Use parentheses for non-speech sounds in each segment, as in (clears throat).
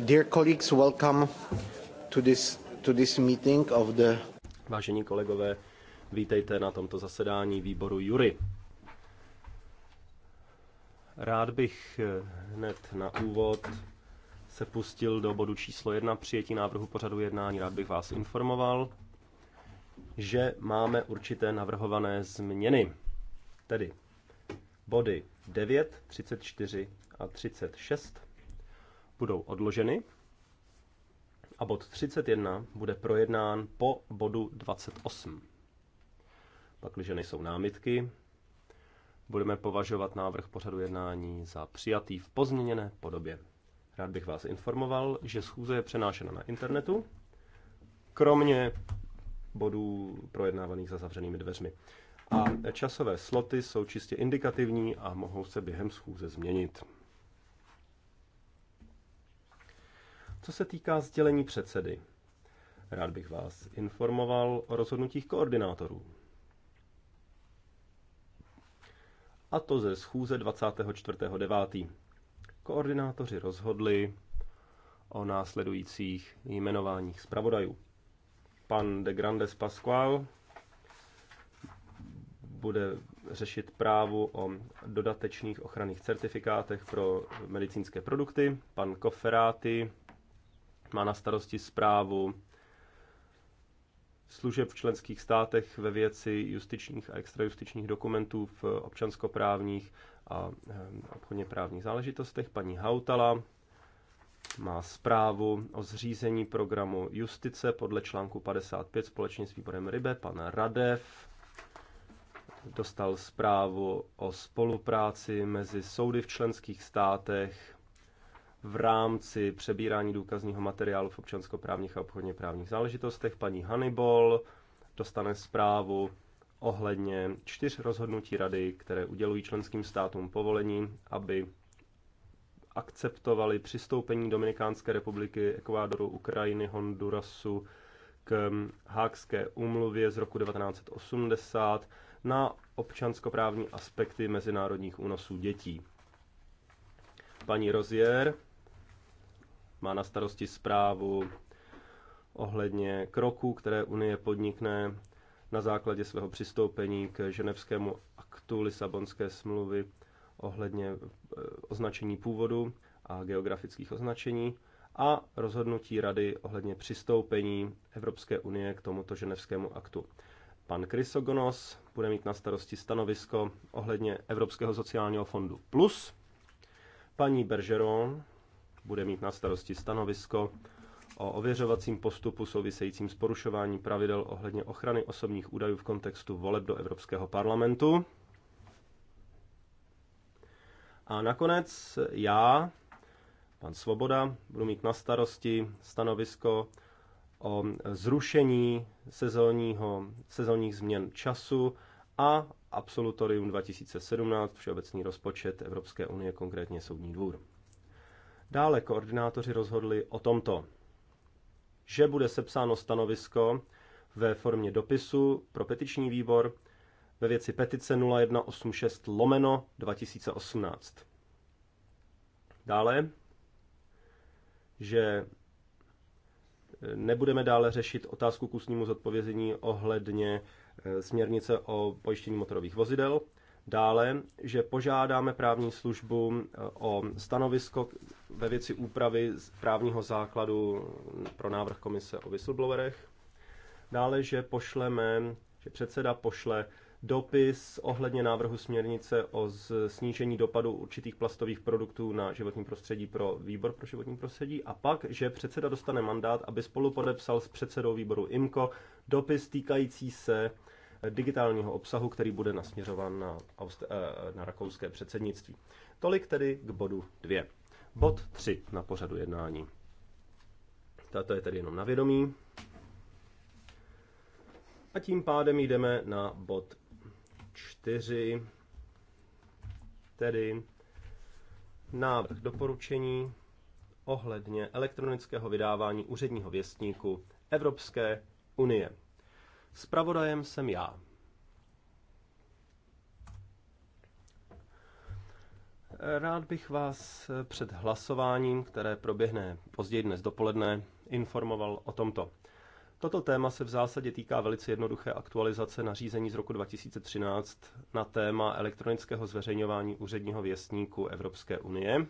Dear colleagues, welcome to this, to this meeting of the... Vážení kolegové, vítejte na tomto zasedání výboru Jury. Rád bych eh, hned na úvod se pustil do bodu číslo jedna přijetí návrhu pořadu jednání. Rád bych vás informoval, že máme určité navrhované změny. Tedy body 9, 34 a 36 budou odloženy a bod 31 bude projednán po bodu 28. Pakliže nejsou námitky, budeme považovat návrh pořadu jednání za přijatý v pozměněné podobě. Rád bych vás informoval, že schůze je přenášena na internetu, kromě bodů projednávaných za zavřenými dveřmi. A časové sloty jsou čistě indikativní a mohou se během schůze změnit. Co se týká sdělení předsedy, rád bych vás informoval o rozhodnutích koordinátorů. A to ze schůze 24.9. Koordinátoři rozhodli o následujících jmenováních zpravodajů. Pan de Grandes Pascual bude řešit právu o dodatečných ochranných certifikátech pro medicínské produkty, pan Koferáty má na starosti zprávu služeb v členských státech ve věci justičních a extrajustičních dokumentů v občanskoprávních a eh, obchodně právních záležitostech. Paní Hautala má zprávu o zřízení programu justice podle článku 55 společně s výborem Rybe. Pan Radev dostal zprávu o spolupráci mezi soudy v členských státech v rámci přebírání důkazního materiálu v občanskoprávních a obchodně právních záležitostech. Paní Hannibal dostane zprávu ohledně čtyř rozhodnutí rady, které udělují členským státům povolení, aby akceptovali přistoupení Dominikánské republiky, Ekvádoru, Ukrajiny, Hondurasu k Hákské úmluvě z roku 1980 na občanskoprávní aspekty mezinárodních únosů dětí. Paní Rozier má na starosti zprávu ohledně kroků, které Unie podnikne na základě svého přistoupení k ženevskému aktu Lisabonské smlouvy ohledně eh, označení původu a geografických označení a rozhodnutí Rady ohledně přistoupení Evropské unie k tomuto ženevskému aktu. Pan Krysogonos bude mít na starosti stanovisko ohledně Evropského sociálního fondu plus. Paní Bergeron bude mít na starosti stanovisko o ověřovacím postupu souvisejícím s porušováním pravidel ohledně ochrany osobních údajů v kontextu voleb do Evropského parlamentu. A nakonec já, pan Svoboda, budu mít na starosti stanovisko o zrušení sezónního, sezónních změn času a absolutorium 2017, všeobecný rozpočet Evropské unie, konkrétně Soudní dvůr. Dále koordinátoři rozhodli o tomto, že bude sepsáno stanovisko ve formě dopisu pro petiční výbor ve věci petice 0186 lomeno 2018. Dále, že e, nebudeme dále řešit otázku k ústnímu zodpovězení ohledně e, směrnice o pojištění motorových vozidel Dále, že požádáme právní službu eh, o stanovisko ve věci úpravy právního základu mm, pro návrh komise o whistleblowerech. Dále, že pošleme, že předseda pošle dopis ohledně návrhu směrnice o snížení dopadu určitých plastových produktů na životní prostředí pro výbor pro životní prostředí a pak, že předseda dostane mandát, aby spolu podepsal s předsedou výboru IMCO dopis týkající se digitálního obsahu, který bude nasměřován na, eh, na rakouské předsednictví. Tolik tedy k bodu 2. Bod 3 na pořadu jednání. Tato je tedy jenom na vědomí. A tím pádem jdeme na bod 4, tedy návrh doporučení ohledně elektronického vydávání úředního věstníku Evropské unie. Spravodajem jsem já. Rád bych vás před hlasováním, které proběhne později dnes dopoledne, informoval o tomto. Toto téma se v zásadě týká velice jednoduché aktualizace nařízení z roku 2013 na téma elektronického zveřejňování úředního věstníku Evropské unie,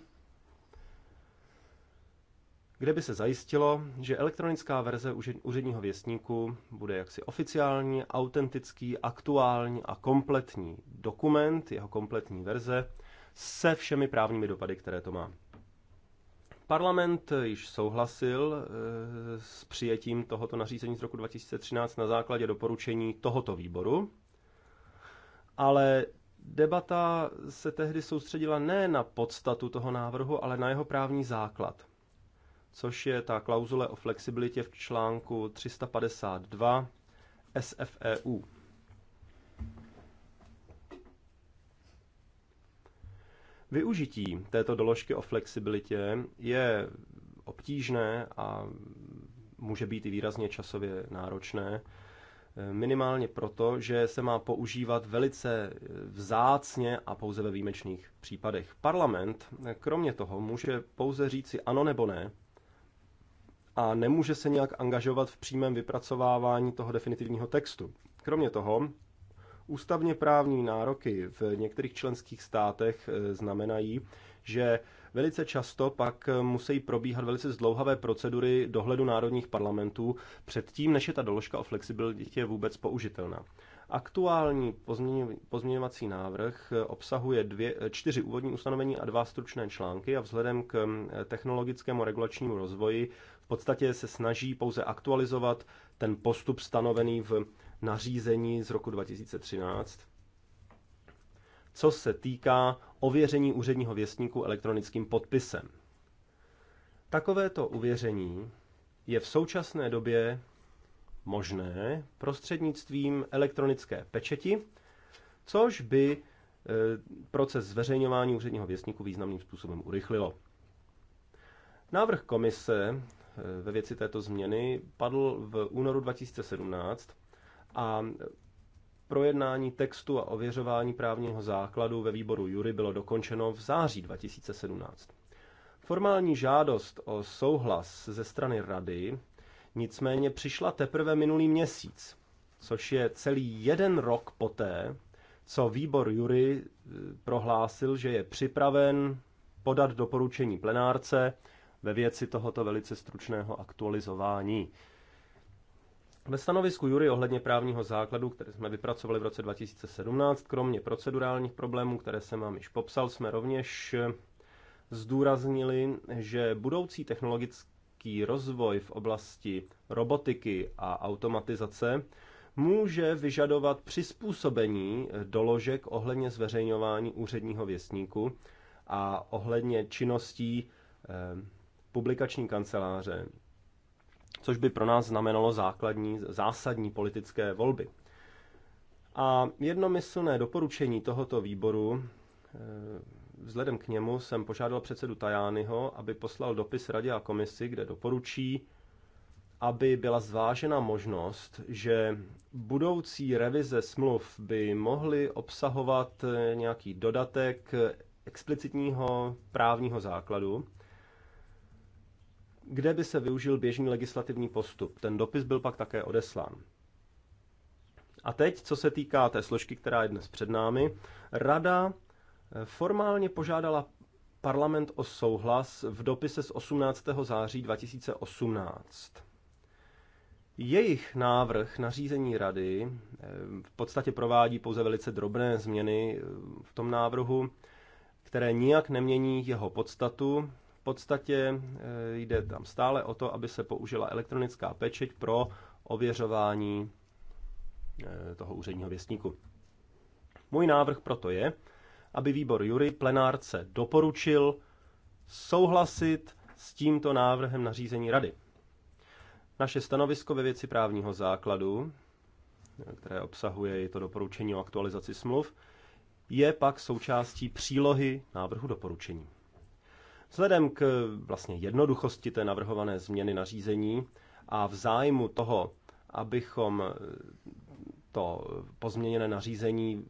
kde by se zajistilo, že elektronická verze úředního věstníku bude jaksi oficiální, autentický, aktuální a kompletní dokument, jeho kompletní verze, se všemi právními dopady, které to má. Parlament již souhlasil eh, s přijetím tohoto nařízení z roku 2013 na základě doporučení tohoto výboru, ale debata se tehdy soustředila ne na podstatu toho návrhu, ale na jeho právní základ což je ta klauzule o flexibilitě v článku 352 SFEU. Využití této doložky o flexibilitě je obtížné a může být i výrazně časově náročné, minimálně proto, že se má používat velice vzácně a pouze ve výjimečných případech. Parlament kromě toho může pouze říci ano nebo ne a nemůže se nějak angažovat v přímém vypracovávání toho definitivního textu. Kromě toho, ústavně právní nároky v některých členských státech eh, znamenají, že velice často pak eh, musí probíhat velice zdlouhavé procedury dohledu národních parlamentů předtím, než je ta doložka o flexibilitě vůbec použitelná. Aktuální pozměňovací návrh eh, obsahuje dvě, čtyři úvodní ustanovení a dva stručné články a vzhledem k technologickému regulačnímu rozvoji v podstatě se snaží pouze aktualizovat ten postup stanovený v nařízení z roku 2013, co se týká ověření úředního věstníku elektronickým podpisem. Takovéto uvěření je v současné době možné prostřednictvím elektronické pečeti, což by e, proces zveřejňování úředního věstníku významným způsobem urychlilo. Návrh komise ve věci této změny padl v únoru 2017 a projednání textu a ověřování právního základu ve výboru Jury bylo dokončeno v září 2017. Formální žádost o souhlas ze strany rady nicméně přišla teprve minulý měsíc, což je celý jeden rok poté, co výbor Jury eh, prohlásil, že je připraven podat doporučení plenárce ve věci tohoto velice stručného aktualizování. Ve stanovisku Jury ohledně právního základu, které jsme vypracovali v roce 2017, kromě procedurálních problémů, které jsem vám již popsal, jsme rovněž zdůraznili, že budoucí technologický rozvoj v oblasti robotiky a automatizace může vyžadovat přizpůsobení doložek ohledně zveřejňování úředního věstníku a ohledně činností eh, publikační kanceláře, což by pro nás znamenalo základní, zásadní politické volby. A jednomyslné doporučení tohoto výboru, eh, vzhledem k němu jsem požádal předsedu Tajányho, aby poslal dopis radě a komisi, kde doporučí, aby byla zvážena možnost, že budoucí revize smluv by mohly obsahovat eh, nějaký dodatek eh, explicitního právního základu, kde by se využil běžný legislativní postup. Ten dopis byl pak také odeslán. A teď, co se týká té složky, která je dnes před námi, Rada eh, formálně požádala parlament o souhlas v dopise z 18. září 2018. Jejich návrh na řízení rady eh, v podstatě provádí pouze velice drobné změny eh, v tom návrhu, které nijak nemění jeho podstatu, podstatě eh, jde tam stále o to, aby se použila elektronická pečeť pro ověřování eh, toho úředního věstníku. Můj návrh proto je, aby výbor Jury plenárce doporučil souhlasit s tímto návrhem na řízení rady. Naše stanovisko ve věci právního základu, které obsahuje i to doporučení o aktualizaci smluv, je pak součástí přílohy návrhu doporučení. Vzhledem k vlastně jednoduchosti té navrhované změny nařízení a v zájmu toho, abychom eh, to pozměněné nařízení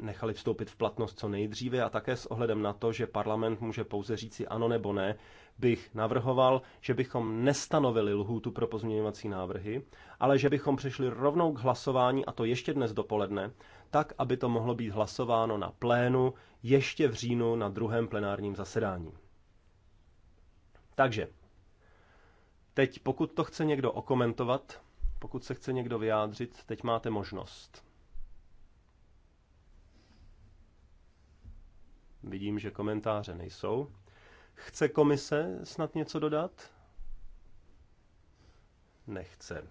nechali vstoupit v platnost co nejdříve a také s ohledem na to, že parlament může pouze říci ano nebo ne, bych navrhoval, že bychom nestanovili lhůtu pro pozměňovací návrhy, ale že bychom přešli rovnou k hlasování, a to ještě dnes dopoledne, tak, aby to mohlo být hlasováno na plénu ještě v říjnu na druhém plenárním zasedání. Takže, teď pokud to chce někdo okomentovat, pokud se chce někdo vyjádřit, teď máte možnost. Vidím, že komentáře nejsou. Chce komise snad něco dodat? Nechce.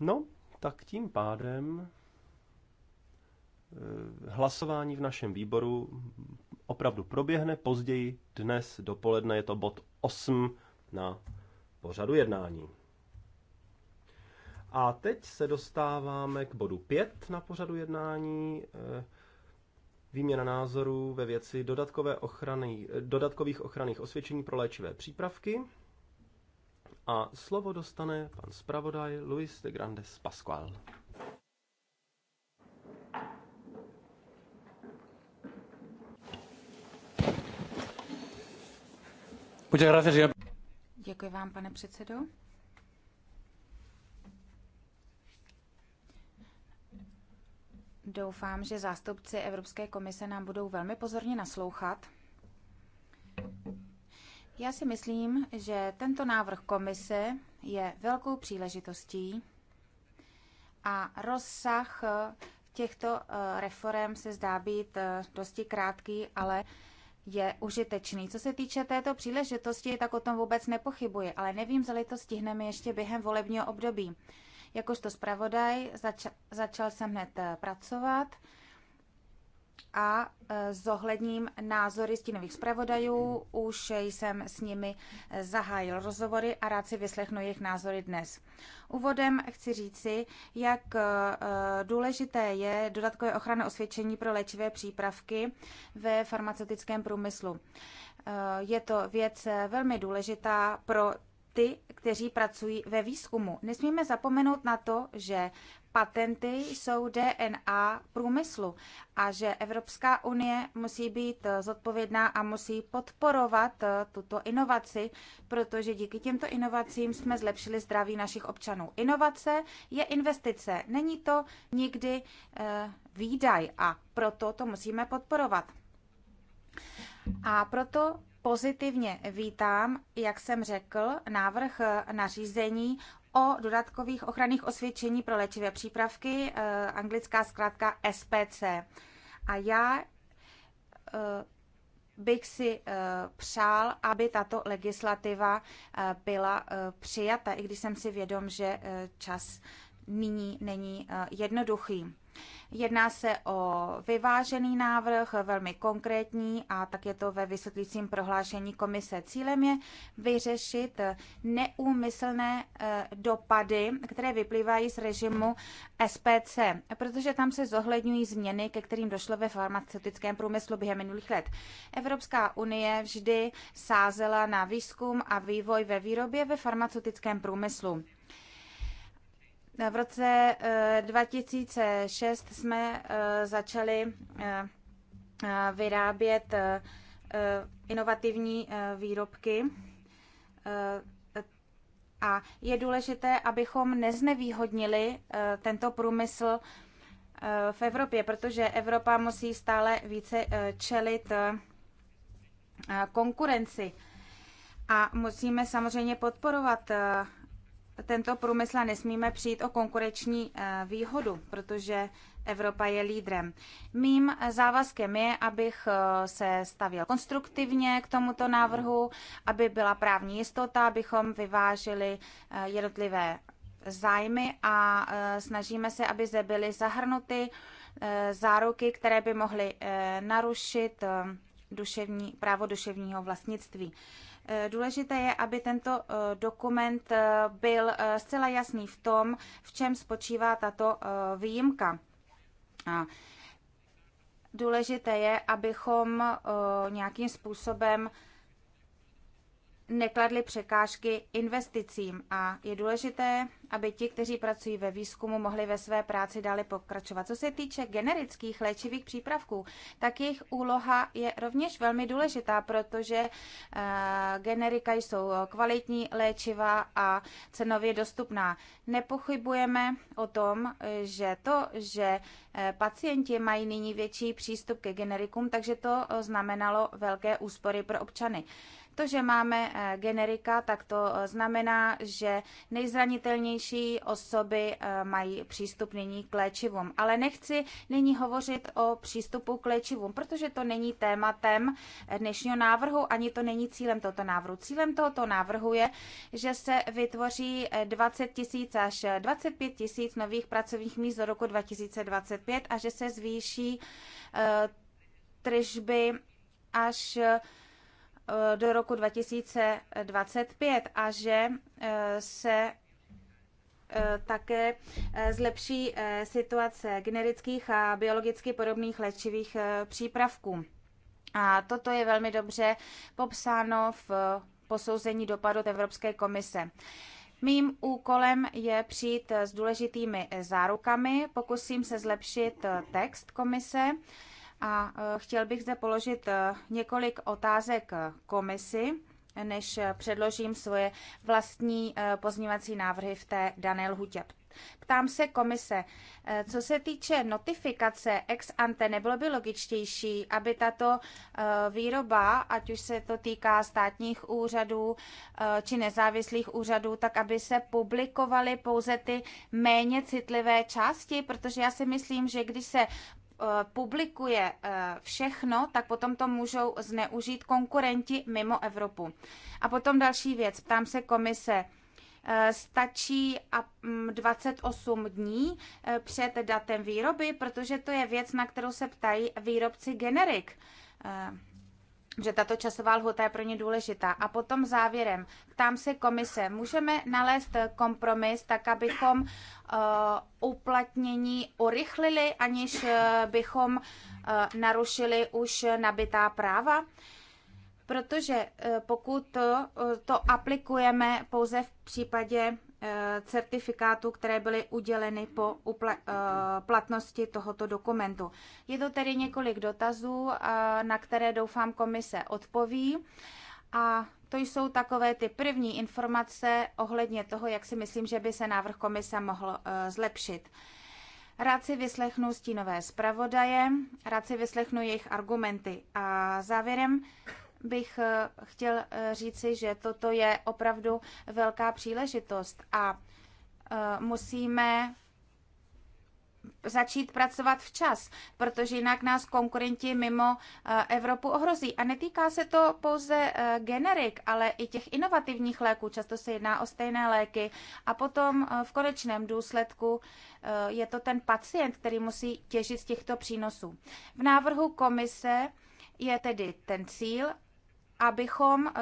No, tak tím pádem eh, hlasování v našem výboru opravdu proběhne později dnes dopoledne. Je to bod 8 na pořadu jednání. A teď se dostáváme k bodu 5 na pořadu jednání. Eh, výměna názorů ve věci dodatkové ochrany, dodatkových ochranných osvědčení pro léčivé přípravky. A slovo dostane pan zpravodaj Luis de Grandes Pascual. Děkuji vám, pane předsedo. Doufám, že zástupci Evropské komise nám budou velmi pozorně naslouchat. Já si myslím, že tento návrh komise je velkou příležitostí a rozsah těchto eh, reform se zdá být eh, dosti krátký, ale je užitečný. Co se týče této příležitosti, tak o tom vůbec nepochybuji, ale nevím, zda to stihneme ještě během volebního období. Jakožto zpravodaj zača- začal jsem hned eh, pracovat a e, zohledním názory stínových zpravodajů. Už jsem s nimi e, zahájil rozhovory a rád si vyslechnu jejich názory dnes. Úvodem chci říci, jak e, důležité je dodatkové ochranné osvědčení pro léčivé přípravky ve farmaceutickém průmyslu. Je to věc velmi důležitá pro ty, kteří pracují ve výzkumu. Nesmíme zapomenout na to, že patenty jsou DNA průmyslu a že Evropská unie musí být eh, zodpovědná a musí podporovat eh, tuto inovaci, protože díky těmto inovacím jsme zlepšili zdraví našich občanů. Inovace je investice, není to nikdy eh, výdaj a proto to musíme podporovat. A proto pozitivně vítám, jak jsem řekl, návrh nařízení o dodatkových ochranných osvědčení pro léčivé přípravky, eh, anglická zkrátka SPC. A já eh, bych si eh, přál, aby tato legislativa byla přijata, i když jsem si vědom, že čas nyní není jednoduchý. Jedná se o vyvážený návrh, velmi konkrétní a tak je to ve vysvětlícím prohlášení komise. Cílem je vyřešit neúmyslné eh, dopady, které vyplývají z režimu SPC, protože tam se zohledňují změny, ke kterým došlo ve farmaceutickém průmyslu během minulých let. Evropská unie vždy sázela na výzkum a vývoj ve výrobě ve farmaceutickém průmyslu. V roce 2006 eh, jsme eh, začali eh, vyrábět inovativní výrobky a je důležité, abychom neznevýhodnili tento průmysl v Evropě, protože Evropa musí stále více čelit konkurenci. A musíme samozřejmě podporovat tento průmysl nesmíme přijít o konkurenční eh, výhodu, protože Evropa je lídrem. Mým eh, závazkem je, abych eh, se stavil konstruktivně k tomuto návrhu, aby byla právní jistota, abychom vyvážili jednotlivé zájmy a snažíme se, aby zde byly zahrnuty záruky, které by mohly narušit duševní, právo duševního vlastnictví. Eh, důležité je, aby tento eh, dokument eh, byl zcela jasný v tom, v čem spočívá tato výjimka. Důležité je, abychom nějakým způsobem nekladly překážky investicím a je důležité, aby ti, kteří pracují ve výzkumu, mohli ve své práci dále pokračovat. Co se týče generických léčivých přípravků, tak jejich úloha je rovněž velmi důležitá, protože eh, generika jsou kvalitní léčiva a cenově dostupná. Nepochybujeme o tom, že to, že eh, pacienti mají nyní větší přístup ke generikům, takže to eh, znamenalo velké úspory pro občany. To, že máme eh, generika, tak to eh, znamená, že nejzranitelnější osoby eh, mají přístup nyní k léčivům. Ale nechci nyní hovořit o přístupu k léčivům, protože to není tématem dnešního návrhu, ani to není cílem tohoto návrhu. Cílem tohoto návrhu je, že se vytvoří 20 tisíc až 25 tisíc nových pracovních míst do roku 2025 a že se zvýší tržby až Eh, do roku 2025 a že eh, se eh, také zlepší situace generických a biologicky podobných léčivých přípravků. A toto je velmi dobře popsáno v posouzení dopadu od Evropské komise. Mým úkolem je přijít s důležitými zárukami, pokusím se zlepšit text komise a e, chtěl bych zde položit e, několik otázek komisi, než e, předložím svoje vlastní pozměňovací návrhy v té dané lhutě. Ptám se komise, co se týče notifikace ex ante, nebylo by logičtější, aby tato výroba, ať už se to týká státních úřadů či nezávislých úřadů, tak aby se publikovaly pouze ty méně citlivé části, protože já si myslím, že když se Eh, publikuje eh, všechno, tak potom to můžou zneužít konkurenti mimo Evropu. A potom další věc, ptám se komise, eh, stačí 28 mm, dní před datem výroby, protože to je věc, na kterou se ptají výrobci generik že tato časová lhuta je pro ně důležitá. A potom závěrem, ptám se komise, můžeme nalézt kompromis tak, abychom uh, uplatnění urychlili, aniž uh, bychom uh, narušili už nabitá práva? Protože uh, pokud to, uh, to aplikujeme pouze v případě Eh, certifikátů, které byly uděleny po eh, platnosti tohoto dokumentu. Je to tedy několik dotazů, eh, na které doufám komise odpoví. A to jsou takové ty první informace ohledně toho, jak si myslím, že by se návrh komise mohl zlepšit. Rád si vyslechnu stínové zpravodaje, rád si vyslechnu jejich argumenty. A závěrem bych eh, chtěl eh, říci, že toto je opravdu velká příležitost a eh, musíme začít pracovat včas, protože jinak nás konkurenti mimo Evropu ohrozí. A netýká se to pouze generik, ale i těch inovativních léků. Často se jedná o stejné léky. A potom v konečném důsledku je to ten pacient, který musí těžit z těchto přínosů. V návrhu komise je tedy ten cíl, abychom eh,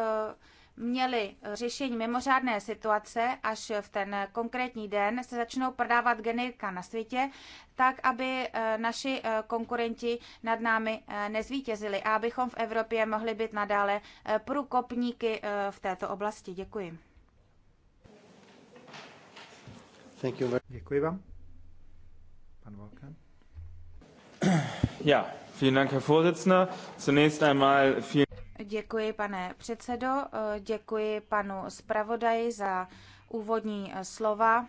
měli řešení mimořádné situace, až v ten konkrétní den se začnou prodávat generika na světě, tak aby eh, naši eh, konkurenti nad námi nezvítězili a abychom v Evropě mohli být nadále průkopníky v této oblasti. Děkuji. Thank you. Děkuji vám. Pan Volkan. Ja, vielen Dank, Herr Vorsitzender. Zunächst einmal vielen Děkuji, pane předsedo, eh, děkuji panu zpravodaji za úvodní eh, slova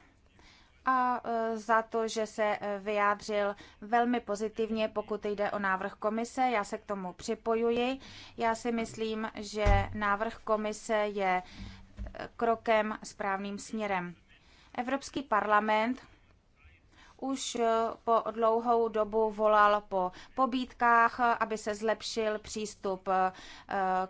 a eh, za to, že se vyjádřil velmi pozitivně, pokud jde o návrh komise. Já se k tomu připojuji. Já si myslím, že návrh komise je krokem správným směrem. Evropský parlament už eh, po dlouhou dobu volal po pobítkách, eh, aby se zlepšil přístup eh,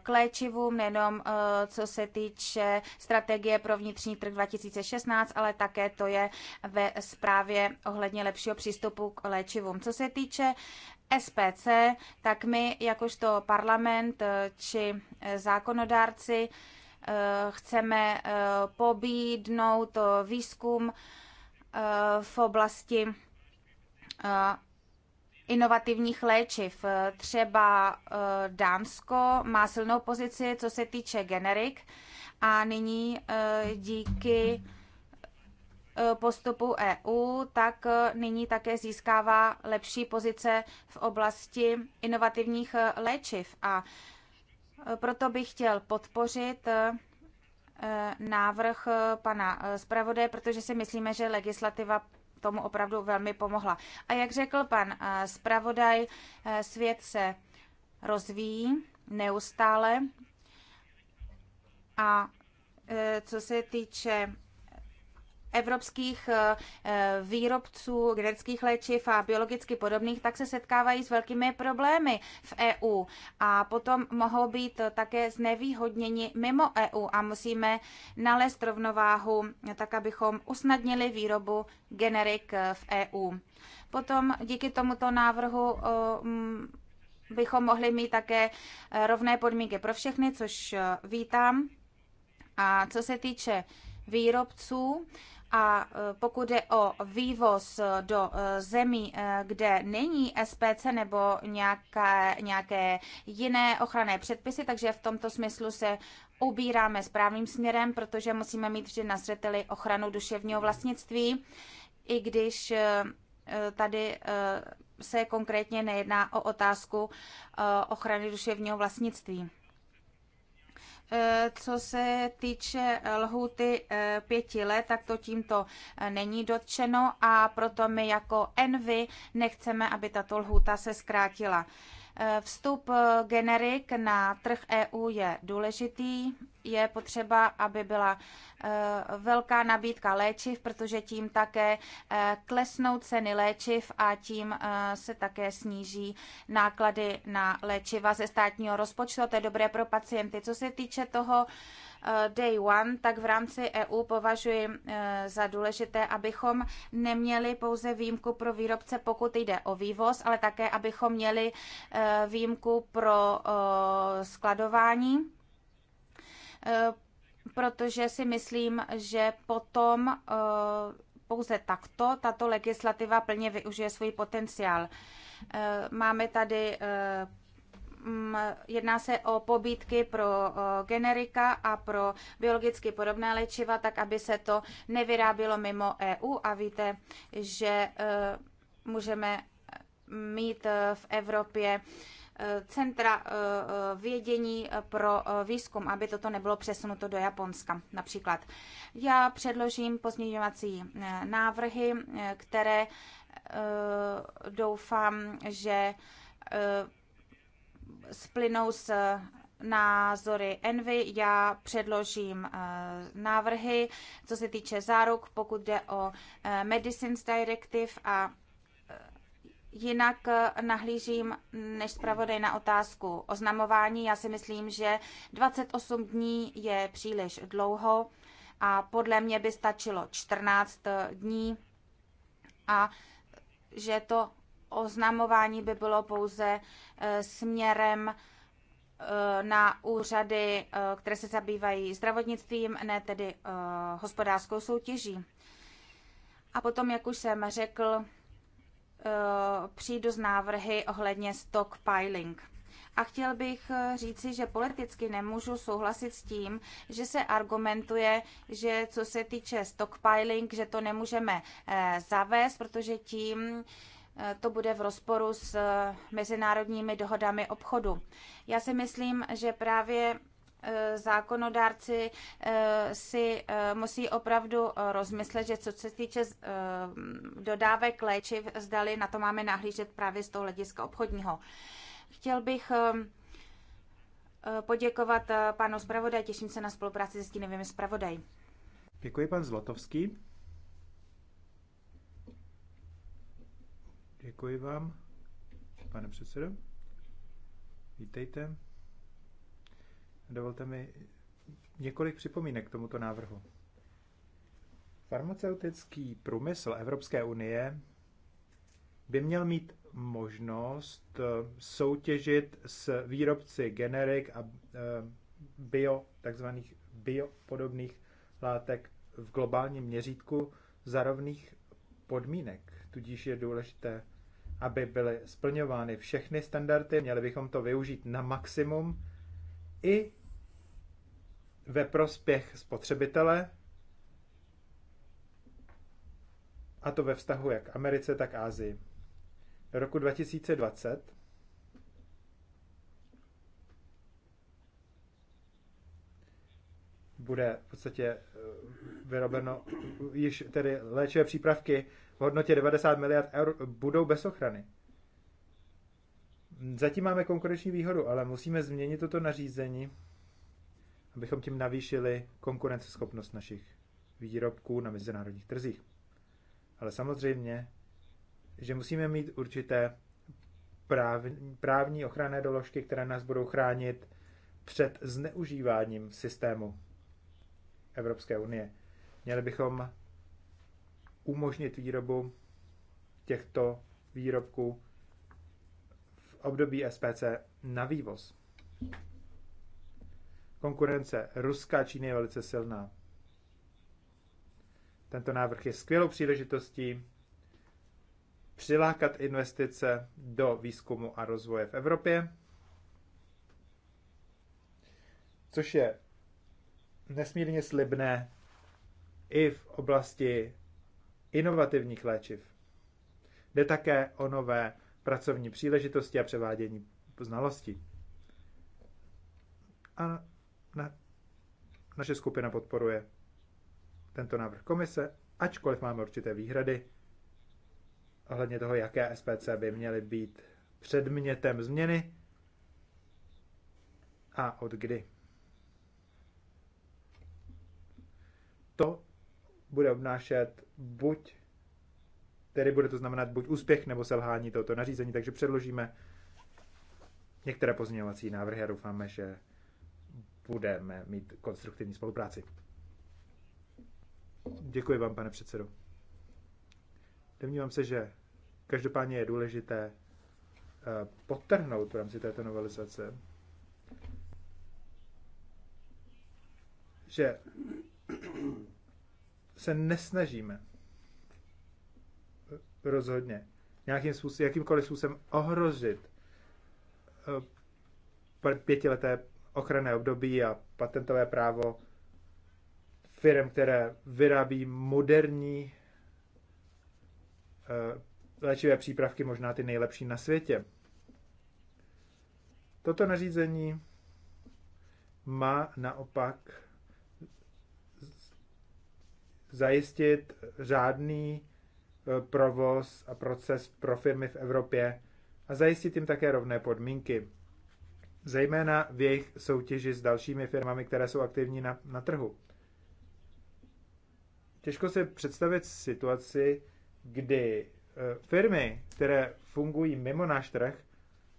k léčivům, nejenom co se týče strategie pro vnitřní trh 2016, ale také to je ve zprávě ohledně lepšího přístupu k léčivům. Co se týče SPC, tak my jakožto parlament či zákonodárci chceme pobídnout výzkum, v oblasti eh, inovativních léčiv. Třeba eh, Dánsko má silnou pozici, co se týče generik a nyní eh, díky postupu EU, tak nyní také získává lepší pozice v oblasti inovativních léčiv. A proto bych chtěl podpořit Eh, návrh eh, pana eh, zpravodaje, protože si myslíme, že legislativa tomu opravdu velmi pomohla. A jak řekl pan zpravodaj, svět se rozvíjí neustále a co se týče evropských eh, eh, výrobců generických léčiv a biologicky podobných, tak se setkávají s velkými problémy v EU a potom mohou být také znevýhodněni mimo EU a musíme nalézt rovnováhu tak, abychom usnadnili výrobu generik eh, v EU. Potom díky tomuto návrhu mm, bychom mohli mít také rovné podmínky pro všechny, což vítám. A co se týče výrobců, a e, pokud je o vývoz do e, zemí, e, kde není SPC nebo nějaké, nějaké jiné ochranné předpisy, takže v tomto smyslu se ubíráme správným směrem, protože musíme mít vždy na zřeteli ochranu duševního vlastnictví, i když tady se konkrétně nejedná o otázku ochrany duševního vlastnictví. Eh, co se týče eh, lhuty eh, pěti let, tak to tímto není dotčeno a proto my jako Envy nechceme, aby tato lhuta se zkrátila. Vstup eh, generik na trh EU je důležitý. Je potřeba, aby byla eh, velká nabídka léčiv, protože tím také eh, klesnou ceny léčiv a tím se také sníží náklady na léčiva ze státního rozpočtu. To je dobré pro pacienty. Co se týče toho, Eh, day one, tak v rámci EU považuji eh, za důležité, abychom neměli pouze výjimku pro výrobce, pokud jde o vývoz, ale také, abychom měli eh, výjimku pro skladování protože si myslím, že potom pouze takto tato legislativa plně využije svůj potenciál. Máme tady Mm, jedná se o pobídky pro generika a pro biologicky podobná léčiva, tak aby se to nevyrábilo mimo EU. A víte, že e, můžeme e, mít e, v Evropě centra vědění pro výzkum, aby toto nebylo přesunuto do Japonska například. Já předložím pozměňovací návrhy, které doufám, že splynou s eh, názory Envy. Já předložím eh, návrhy, co se týče záruk, pokud jde o eh, Medicines Directive a Jinak nahlížím než zpravodaj na otázku oznamování. Já si myslím, že 28 dní je příliš dlouho a podle mě by stačilo 14 dní a že to oznamování by bylo pouze eh, směrem eh, na úřady, eh, které se zabývají zdravotnictvím, ne tedy hospodářskou soutěží. A potom, jak už jsem řekl, přijdu z návrhy ohledně stockpiling. A chtěl bych říci, že politicky nemůžu souhlasit s tím, že se argumentuje, že co se týče stockpiling, že to nemůžeme zavést, protože tím Eh, to bude v rozporu s eh, mezinárodními dohodami obchodu. Já si myslím, že právě eh, zákonodárci si musí opravdu rozmyslet, že co se týče dodávek léčiv, zdali na to máme nahlížet právě z toho hlediska obchodního. Chtěl bych poděkovat panu zpravodaj, těším se na spolupráci s stínovými zpravodaj. Děkuji, pan Zlotovský. Děkuji vám, pane předsedo. Vítejte. Dovolte mi několik připomínek k tomuto návrhu. Farmaceutický průmysl Evropské unie by měl mít možnost eh, soutěžit s výrobci generik a eh, bio, takzvaných biopodobných látek v globálním měřítku za rovných podmínek. Tudíž je důležité aby byly splňovány všechny standardy, měli bychom to využít na maximum i ve prospěch spotřebitele, a to ve vztahu jak Americe, tak Ázii. Do roku 2020 bude v podstatě eh, vyrobeno již tedy léčivé přípravky v hodnotě 90 miliard eur budou bez ochrany. Zatím máme konkurenční výhodu, ale musíme změnit toto nařízení, abychom tím navýšili konkurenceschopnost našich výrobků na mezinárodních trzích. Ale samozřejmě, že musíme mít určité právní, právní ochranné doložky, které nás budou chránit před zneužíváním systému Evropské unie. Měli bychom umožnit výrobu těchto výrobků v období SPC na vývoz. Konkurence Ruska a Číny je velice silná. Tento návrh je skvělou příležitostí přilákat investice do výzkumu a rozvoje v Evropě, což je nesmírně slibné i v oblasti inovativních léčiv. Jde také o nové pracovní příležitosti a převádění znalostí. A na, naše skupina podporuje tento návrh komise, ačkoliv máme určité výhrady ohledně toho, jaké SPC by měly být předmětem změny a od kdy. To bude obnášet buď, tedy bude to znamenat buď úspěch nebo selhání tohoto nařízení, takže předložíme některé pozměňovací návrhy a doufáme, že budeme mít konstruktivní spolupráci. Děkuji vám, pane předsedo. Domnívám se, že každopádně je důležité eh, potrhnout v rámci této novelizace, že se nesnažíme rozhodně nějakým způsobem, jakýmkoliv způsobem ohrozit eh, pětileté ochranné období a patentové právo firm, které vyrábí moderní eh, léčivé přípravky, možná ty nejlepší na světě. Toto nařízení má naopak zajistit řádný eh, provoz a proces pro firmy v Evropě a zajistit jim také rovné podmínky, zejména v jejich soutěži s dalšími firmami, které jsou aktivní na, na trhu. Těžko si představit situaci, kdy eh, firmy, které fungují mimo náš trh,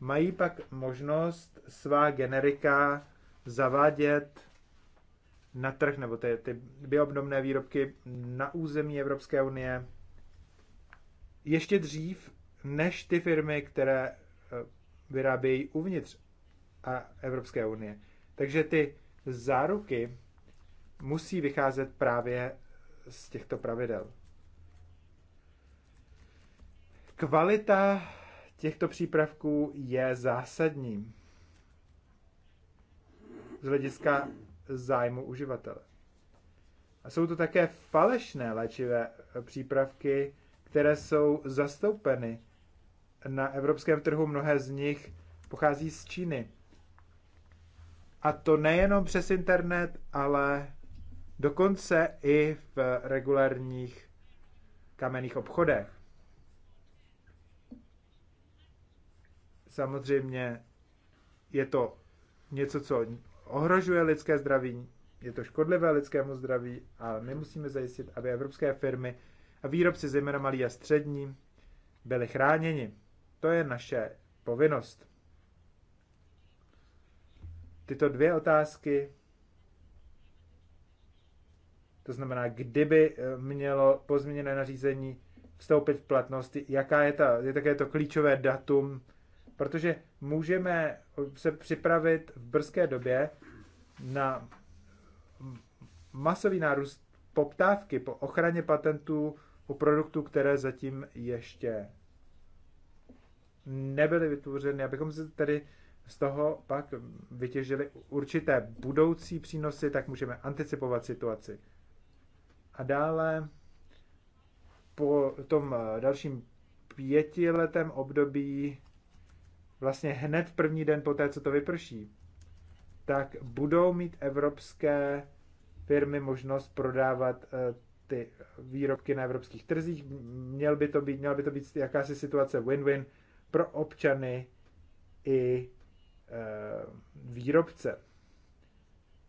mají pak možnost svá generika zavádět na trh, nebo ty, ty bioobnovné výrobky na území Evropské unie ještě dřív, než ty firmy, které eh, vyrábějí uvnitř a Evropské unie. Takže ty záruky musí vycházet právě z těchto pravidel. Kvalita těchto přípravků je zásadní. Z hlediska zájmu uživatele. A jsou to také falešné léčivé přípravky, které jsou zastoupeny na evropském trhu. Mnohé z nich pochází z Číny. A to nejenom přes internet, ale dokonce i v regulárních kamenných obchodech. Samozřejmě je to něco, co ohrožuje lidské zdraví, je to škodlivé lidskému zdraví a my musíme zajistit, aby evropské firmy a výrobci, zejména malí a střední, byli chráněni. To je naše povinnost. Tyto dvě otázky, to znamená, kdyby eh, mělo pozměněné nařízení vstoupit v platnost, jaká je, ta, je také to klíčové datum protože můžeme se připravit v brzké době na masový nárůst poptávky po ochraně patentů u produktů, které zatím ještě nebyly vytvořeny, abychom se tedy z toho pak vytěžili určité budoucí přínosy, tak můžeme anticipovat situaci. A dále po tom dalším pětiletém období vlastně hned první den po té, co to vyprší, tak budou mít evropské firmy možnost prodávat eh, ty výrobky na evropských trzích. Měl by to být, měla by to být jakási situace win-win pro občany i eh, výrobce.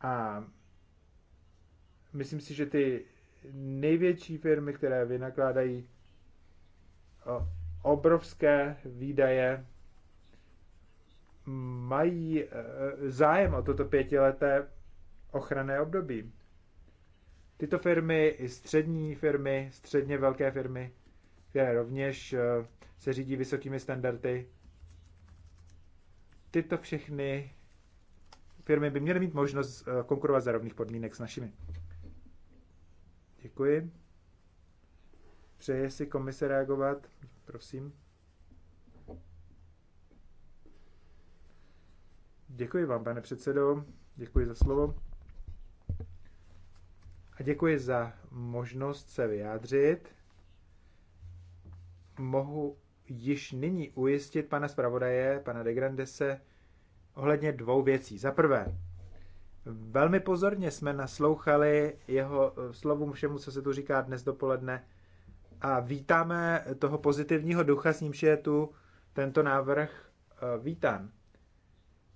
A myslím si, že ty největší firmy, které vynakládají eh, obrovské výdaje mají eh, zájem o toto pětileté ochranné období. Tyto firmy, i střední firmy, středně velké firmy, které rovněž eh, se řídí vysokými standardy, tyto všechny firmy by měly mít možnost eh, konkurovat za rovných podmínek s našimi. Děkuji. Přeje si komise reagovat? Prosím. Děkuji vám, pane předsedo, děkuji za slovo. A děkuji za možnost se vyjádřit. Mohu již nyní ujistit pana zpravodaje, pana de Grandese, ohledně dvou věcí. Za prvé, velmi pozorně jsme naslouchali jeho eh, slovům všemu, co se tu říká dnes dopoledne a vítáme toho pozitivního ducha, s nímž je tu tento návrh eh, vítán.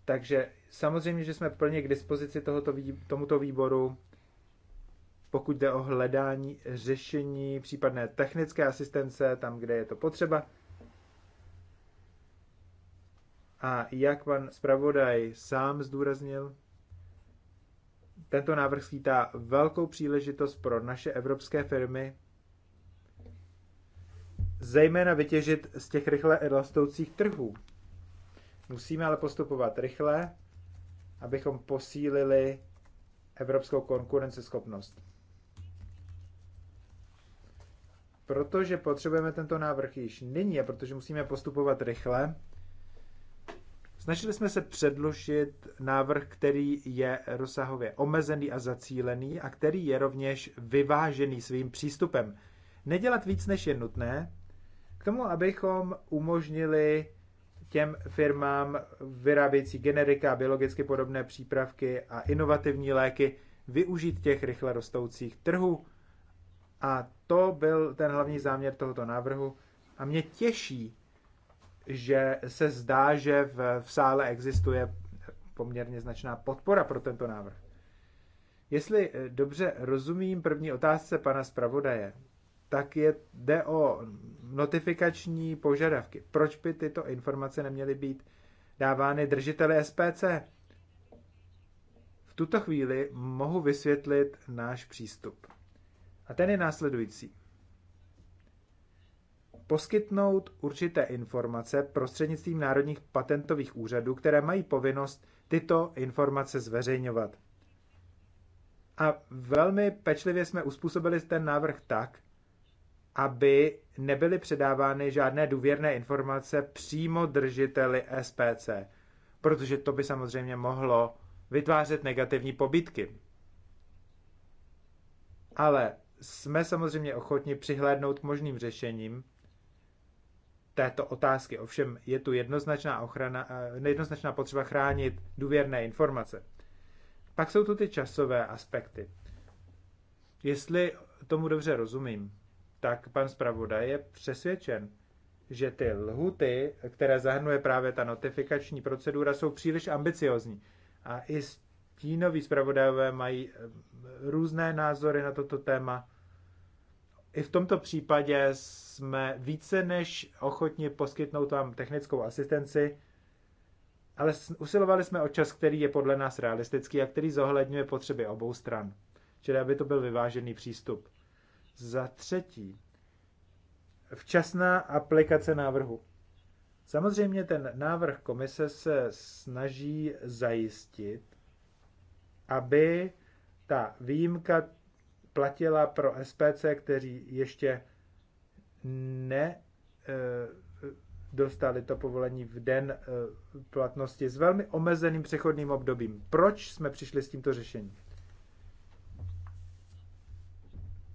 Takže samozřejmě, že jsme plně k dispozici tohoto, tomuto výboru, pokud jde o hledání řešení, případné technické asistence tam, kde je to potřeba. A jak pan zpravodaj sám zdůraznil, tento návrh skýtá velkou příležitost pro naše evropské firmy, zejména vytěžit z těch rychle rostoucích trhů. Musíme ale postupovat rychle, abychom posílili evropskou konkurenceschopnost. Protože potřebujeme tento návrh již nyní a protože musíme postupovat rychle, snažili jsme se předložit návrh, který je rozsahově omezený a zacílený a který je rovněž vyvážený svým přístupem. Nedělat víc, než je nutné, k tomu, abychom umožnili těm firmám vyrábějící generika, biologicky podobné přípravky a inovativní léky využít těch rychle rostoucích trhů. A to byl ten hlavní záměr tohoto návrhu. A mě těší, že se zdá, že v, v sále existuje poměrně značná podpora pro tento návrh. Jestli eh, dobře rozumím první otázce pana zpravodaje, tak je, jde o notifikační požadavky. Proč by tyto informace neměly být dávány držiteli SPC? V tuto chvíli mohu vysvětlit náš přístup. A ten je následující. Poskytnout určité informace prostřednictvím národních patentových úřadů, které mají povinnost tyto informace zveřejňovat. A velmi pečlivě jsme uspůsobili ten návrh tak, aby nebyly předávány žádné důvěrné informace přímo držiteli SPC, protože to by samozřejmě mohlo vytvářet negativní pobytky. Ale jsme samozřejmě ochotni přihlédnout k možným řešením této otázky. Ovšem je tu jednoznačná, ochrana, eh, jednoznačná potřeba chránit důvěrné informace. Pak jsou tu ty časové aspekty. Jestli tomu dobře rozumím, tak pan zpravodaj je přesvědčen, že ty lhuty, které zahrnuje právě ta notifikační procedura, jsou příliš ambiciozní. A i stínoví zpravodajové mají eh, různé názory na toto téma. I v tomto případě jsme více než ochotni poskytnout vám technickou asistenci, ale usilovali jsme o čas, který je podle nás realistický a který zohledňuje potřeby obou stran, čili aby to byl vyvážený přístup. Za třetí, včasná aplikace návrhu. Samozřejmě ten návrh komise se snaží zajistit, aby ta výjimka platila pro SPC, kteří ještě ne eh, dostali to povolení v den eh, platnosti s velmi omezeným přechodným obdobím. Proč jsme přišli s tímto řešením?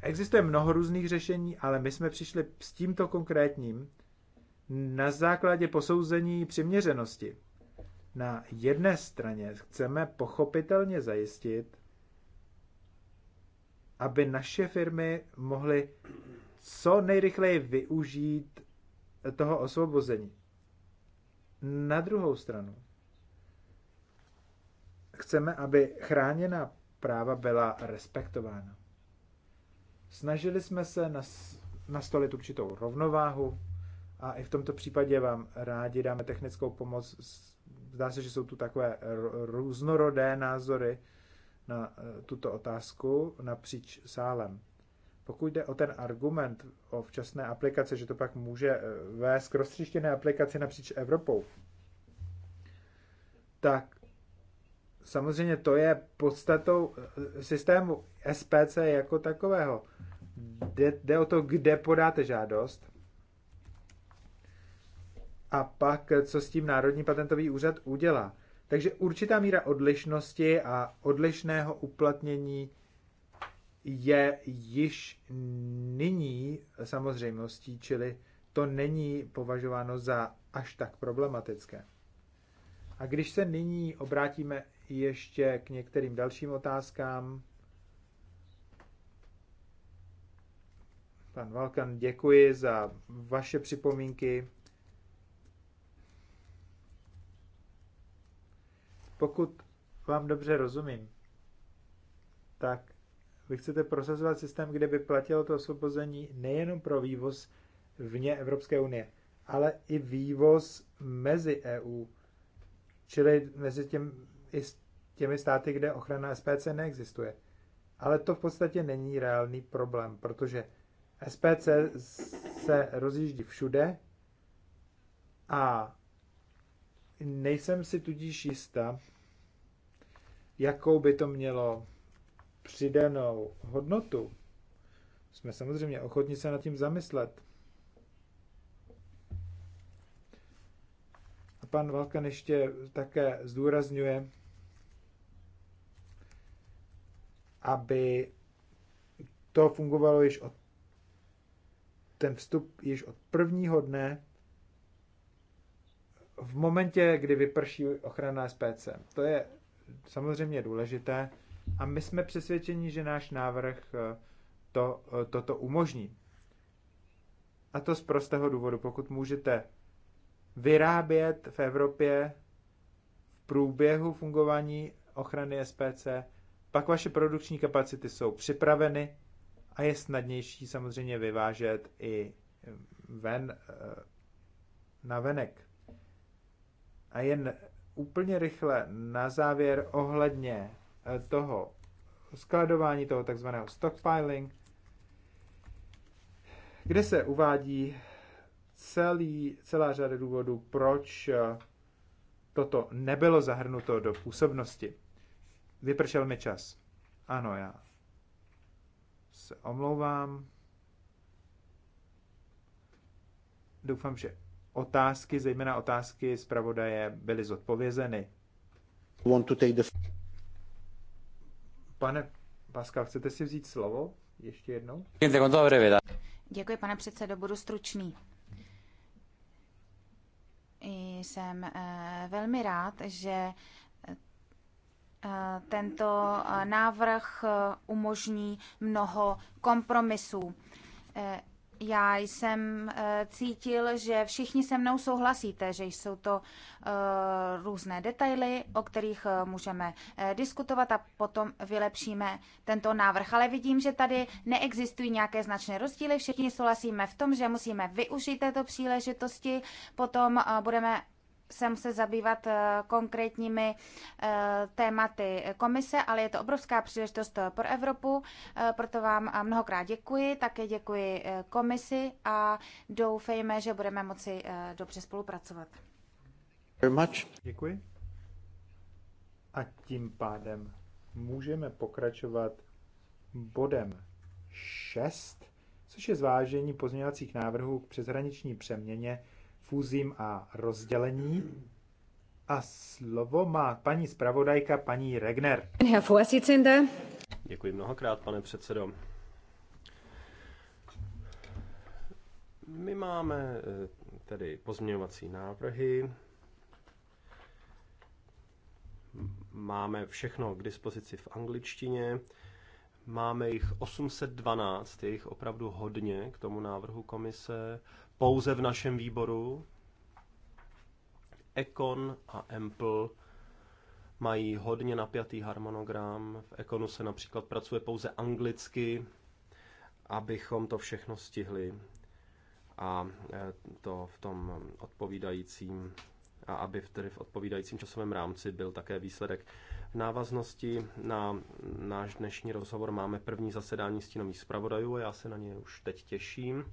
Existuje mnoho různých řešení, ale my jsme přišli s tímto konkrétním na základě posouzení přiměřenosti. Na jedné straně chceme pochopitelně zajistit, aby naše firmy mohly co nejrychleji využít toho osvobození. Na druhou stranu chceme, aby chráněná práva byla respektována. Snažili jsme se nastolit určitou rovnováhu a i v tomto případě vám rádi dáme technickou pomoc. Zdá se, že jsou tu takové různorodé názory na eh, tuto otázku napříč sálem. Pokud jde o ten argument o včasné aplikaci, že to pak může eh, vést k roztříštěné aplikaci napříč Evropou, tak samozřejmě to je podstatou eh, systému SPC jako takového. Jde, jde o to, kde podáte žádost a pak, eh, co s tím Národní patentový úřad udělá. Takže určitá míra odlišnosti a odlišného uplatnění je již nyní samozřejmostí, čili to není považováno za až tak problematické. A když se nyní obrátíme ještě k některým dalším otázkám. Pan Valkan, děkuji za vaše připomínky. Pokud vám dobře rozumím, tak vy chcete prosazovat systém, kde by platilo to osvobození nejenom pro vývoz vně Evropské unie, ale i vývoz mezi EU, čili mezi těm i s těmi státy, kde ochrana SPC neexistuje. Ale to v podstatě není reálný problém, protože SPC se rozjíždí všude a nejsem si tudíž jistá, jakou by to mělo přidanou hodnotu. Jsme samozřejmě ochotni se nad tím zamyslet. A pan Valkan ještě také zdůrazňuje, aby to fungovalo již od ten vstup již od prvního dne v momentě, kdy vyprší ochrana SPC. To je samozřejmě důležité a my jsme přesvědčeni, že náš návrh eh, to, eh, toto umožní. A to z prostého důvodu. Pokud můžete vyrábět v Evropě v průběhu fungování ochrany SPC pak vaše produkční kapacity jsou připraveny a je snadnější samozřejmě vyvážet i ven, eh, na venek. A jen úplně rychle na závěr ohledně eh, toho skladování, toho takzvaného stockpiling, kde se uvádí celý, celá řada důvodů, proč eh, toto nebylo zahrnuto do působnosti. Vypršel mi čas. Ano, já se omlouvám. Doufám, že otázky, zejména otázky pravodaje, byly zodpovězeny. Pane Pascal, chcete si vzít slovo ještě jednou? Děkuji, pane předsedo, budu stručný. Jsem eh, velmi rád, že Eh, tento eh, návrh eh, umožní mnoho kompromisů. Já jsem cítil, že všichni se mnou souhlasíte, že jsou to různé detaily, o kterých můžeme diskutovat a potom vylepšíme tento návrh. Ale vidím, že tady neexistují nějaké značné rozdíly. Všichni souhlasíme v tom, že musíme využít této příležitosti, potom budeme jsem se zabývat eh, konkrétními eh, tématy komise, ale je to obrovská příležitost eh, pro Evropu, proto vám mnohokrát děkuji, také děkuji komisi a doufejme, že budeme moci dobře spolupracovat. Děkuji. A tím pádem můžeme pokračovat bodem 6, což je zvážení pozměňovacích návrhů k přeshraniční přeměně fúzím a rozdělení. A slovo má paní zpravodajka, paní Regner. Děkuji mnohokrát, pane předsedo. My máme eh, tedy pozměňovací návrhy. Máme všechno k dispozici v angličtině. Máme jich 812, je jich opravdu hodně k tomu návrhu komise, pouze v našem výboru. Econ a Ample mají hodně napjatý harmonogram. V Econu se například pracuje pouze anglicky, abychom to všechno stihli a eh, to v tom odpovídajícím a aby v, tedy v odpovídajícím časovém rámci byl také výsledek. V návaznosti na náš dnešní rozhovor máme první zasedání stínových zpravodajů a já se na ně už teď těším.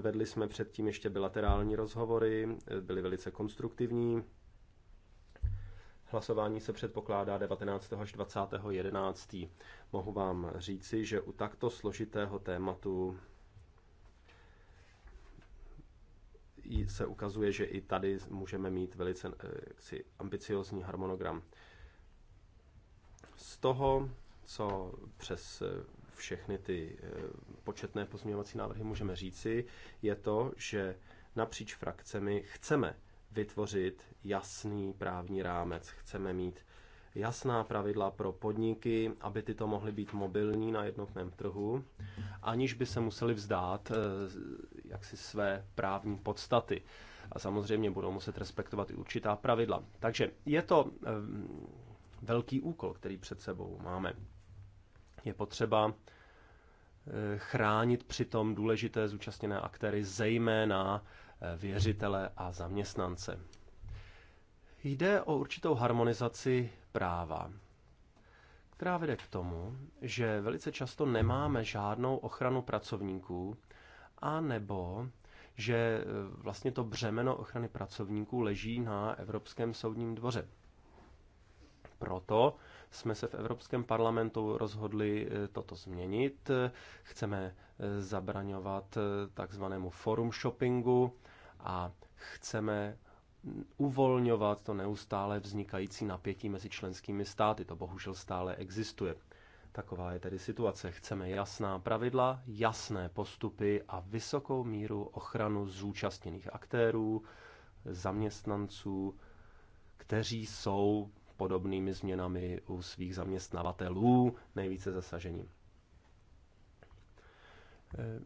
Vedli jsme předtím ještě bilaterální rozhovory, byly velice konstruktivní. Hlasování se předpokládá 19. až 20. 11. Mohu vám říci, že u takto složitého tématu se ukazuje, že i tady můžeme mít velice eh, jaksi, ambiciozní harmonogram. Z toho, co přes eh, všechny ty eh, početné pozměňovací návrhy můžeme říci, je to, že napříč frakcemi chceme vytvořit jasný právní rámec, chceme mít jasná pravidla pro podniky, aby tyto mohly být mobilní na jednotném trhu, aniž by se museli vzdát jaksi své právní podstaty. A samozřejmě budou muset respektovat i určitá pravidla. Takže je to eh, velký úkol, který před sebou máme. Je potřeba eh, chránit přitom důležité zúčastněné aktéry, zejména eh, věřitele a zaměstnance. Jde o určitou harmonizaci práva, která vede k tomu, že velice často nemáme žádnou ochranu pracovníků, a nebo že e, vlastně to břemeno ochrany pracovníků leží na Evropském soudním dvoře. Proto jsme se v Evropském parlamentu rozhodli e, toto změnit. Chceme e, zabraňovat takzvanému forum shoppingu a chceme uvolňovat to neustále vznikající napětí mezi členskými státy. To bohužel stále existuje. Taková je tedy situace. Chceme jasná pravidla, jasné postupy a vysokou míru ochranu zúčastněných aktérů, zaměstnanců, kteří jsou podobnými změnami u svých zaměstnavatelů nejvíce zasažení. Eh,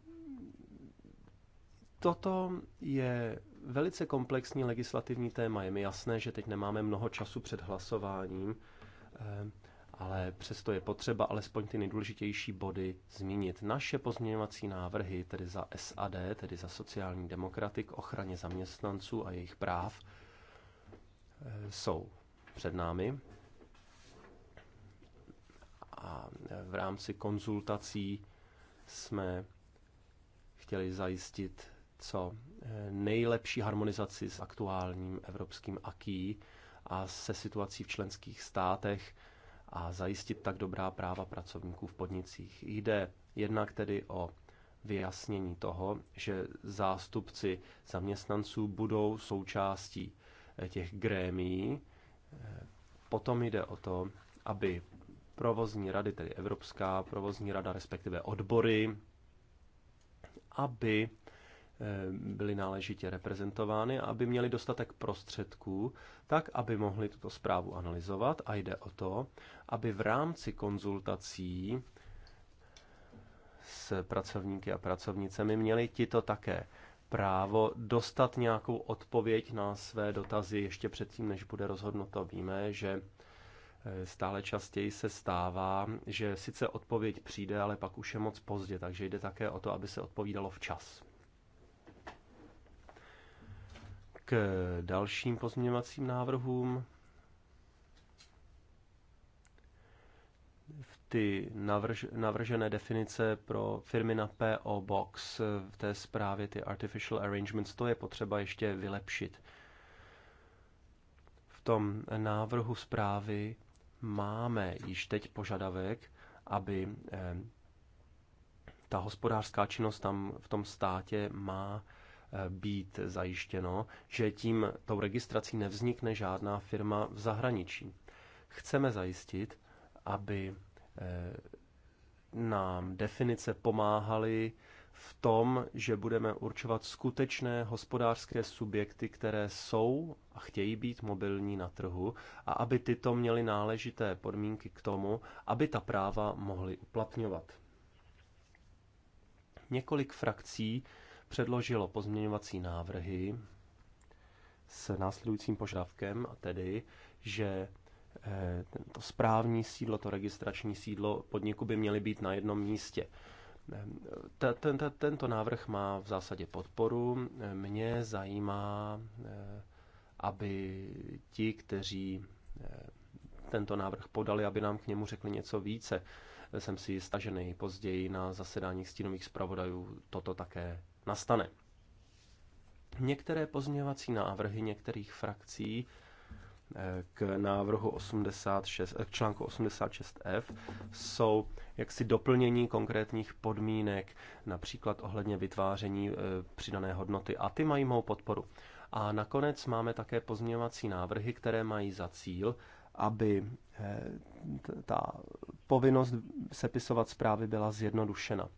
toto je velice komplexní legislativní téma. Je mi jasné, že teď nemáme mnoho času před hlasováním. Eh, ale přesto je potřeba alespoň ty nejdůležitější body zmínit. Naše pozměňovací návrhy, tedy za SAD, tedy za sociální demokraty k ochraně zaměstnanců a jejich práv, eh, jsou před námi. A eh, v rámci konzultací jsme chtěli zajistit co eh, nejlepší harmonizaci s aktuálním evropským AKI a se situací v členských státech, a zajistit tak dobrá práva pracovníků v podnicích. Jde jednak tedy o vyjasnění toho, že zástupci zaměstnanců budou součástí eh, těch grémií. Eh, potom jde o to, aby provozní rady, tedy Evropská provozní rada, respektive odbory, aby Eh, byly náležitě reprezentovány a aby měli dostatek prostředků, tak aby mohli tuto zprávu analyzovat a jde o to, aby v rámci konzultací s pracovníky a pracovnicemi měli tito také právo dostat nějakou odpověď na své dotazy ještě předtím, než bude rozhodnuto. Víme, že eh, stále častěji se stává, že sice odpověď přijde, ale pak už je moc pozdě, takže jde také o to, aby se odpovídalo včas. dalším pozměňovacím návrhům. V ty navrž, navržené definice pro firmy na PO Box v té zprávě, ty artificial arrangements, to je potřeba ještě vylepšit. V tom návrhu zprávy máme již teď požadavek, aby eh, ta hospodářská činnost tam v tom státě má být zajištěno, že tím tou registrací nevznikne žádná firma v zahraničí. Chceme zajistit, aby eh, nám definice pomáhaly v tom, že budeme určovat skutečné hospodářské subjekty, které jsou a chtějí být mobilní na trhu a aby tyto měly náležité podmínky k tomu, aby ta práva mohly uplatňovat. Několik frakcí předložilo pozměňovací návrhy s následujícím požadavkem, a tedy, že eh, to správní sídlo, to registrační sídlo podniku by měly být na jednom místě. Tento návrh má v zásadě podporu. Mě zajímá, eh, aby ti, kteří eh, tento návrh podali, aby nám k němu řekli něco více. Jsem si jistá, že nejpozději na zasedání stínových zpravodajů toto také nastane. Některé pozměňovací návrhy některých frakcí eh, k návrhu 86, eh, k článku 86F jsou jaksi doplnění konkrétních podmínek, například ohledně vytváření eh, přidané hodnoty a ty mají mou podporu. A nakonec máme také pozměňovací návrhy, které mají za cíl, aby ta povinnost sepisovat zprávy byla zjednodušena.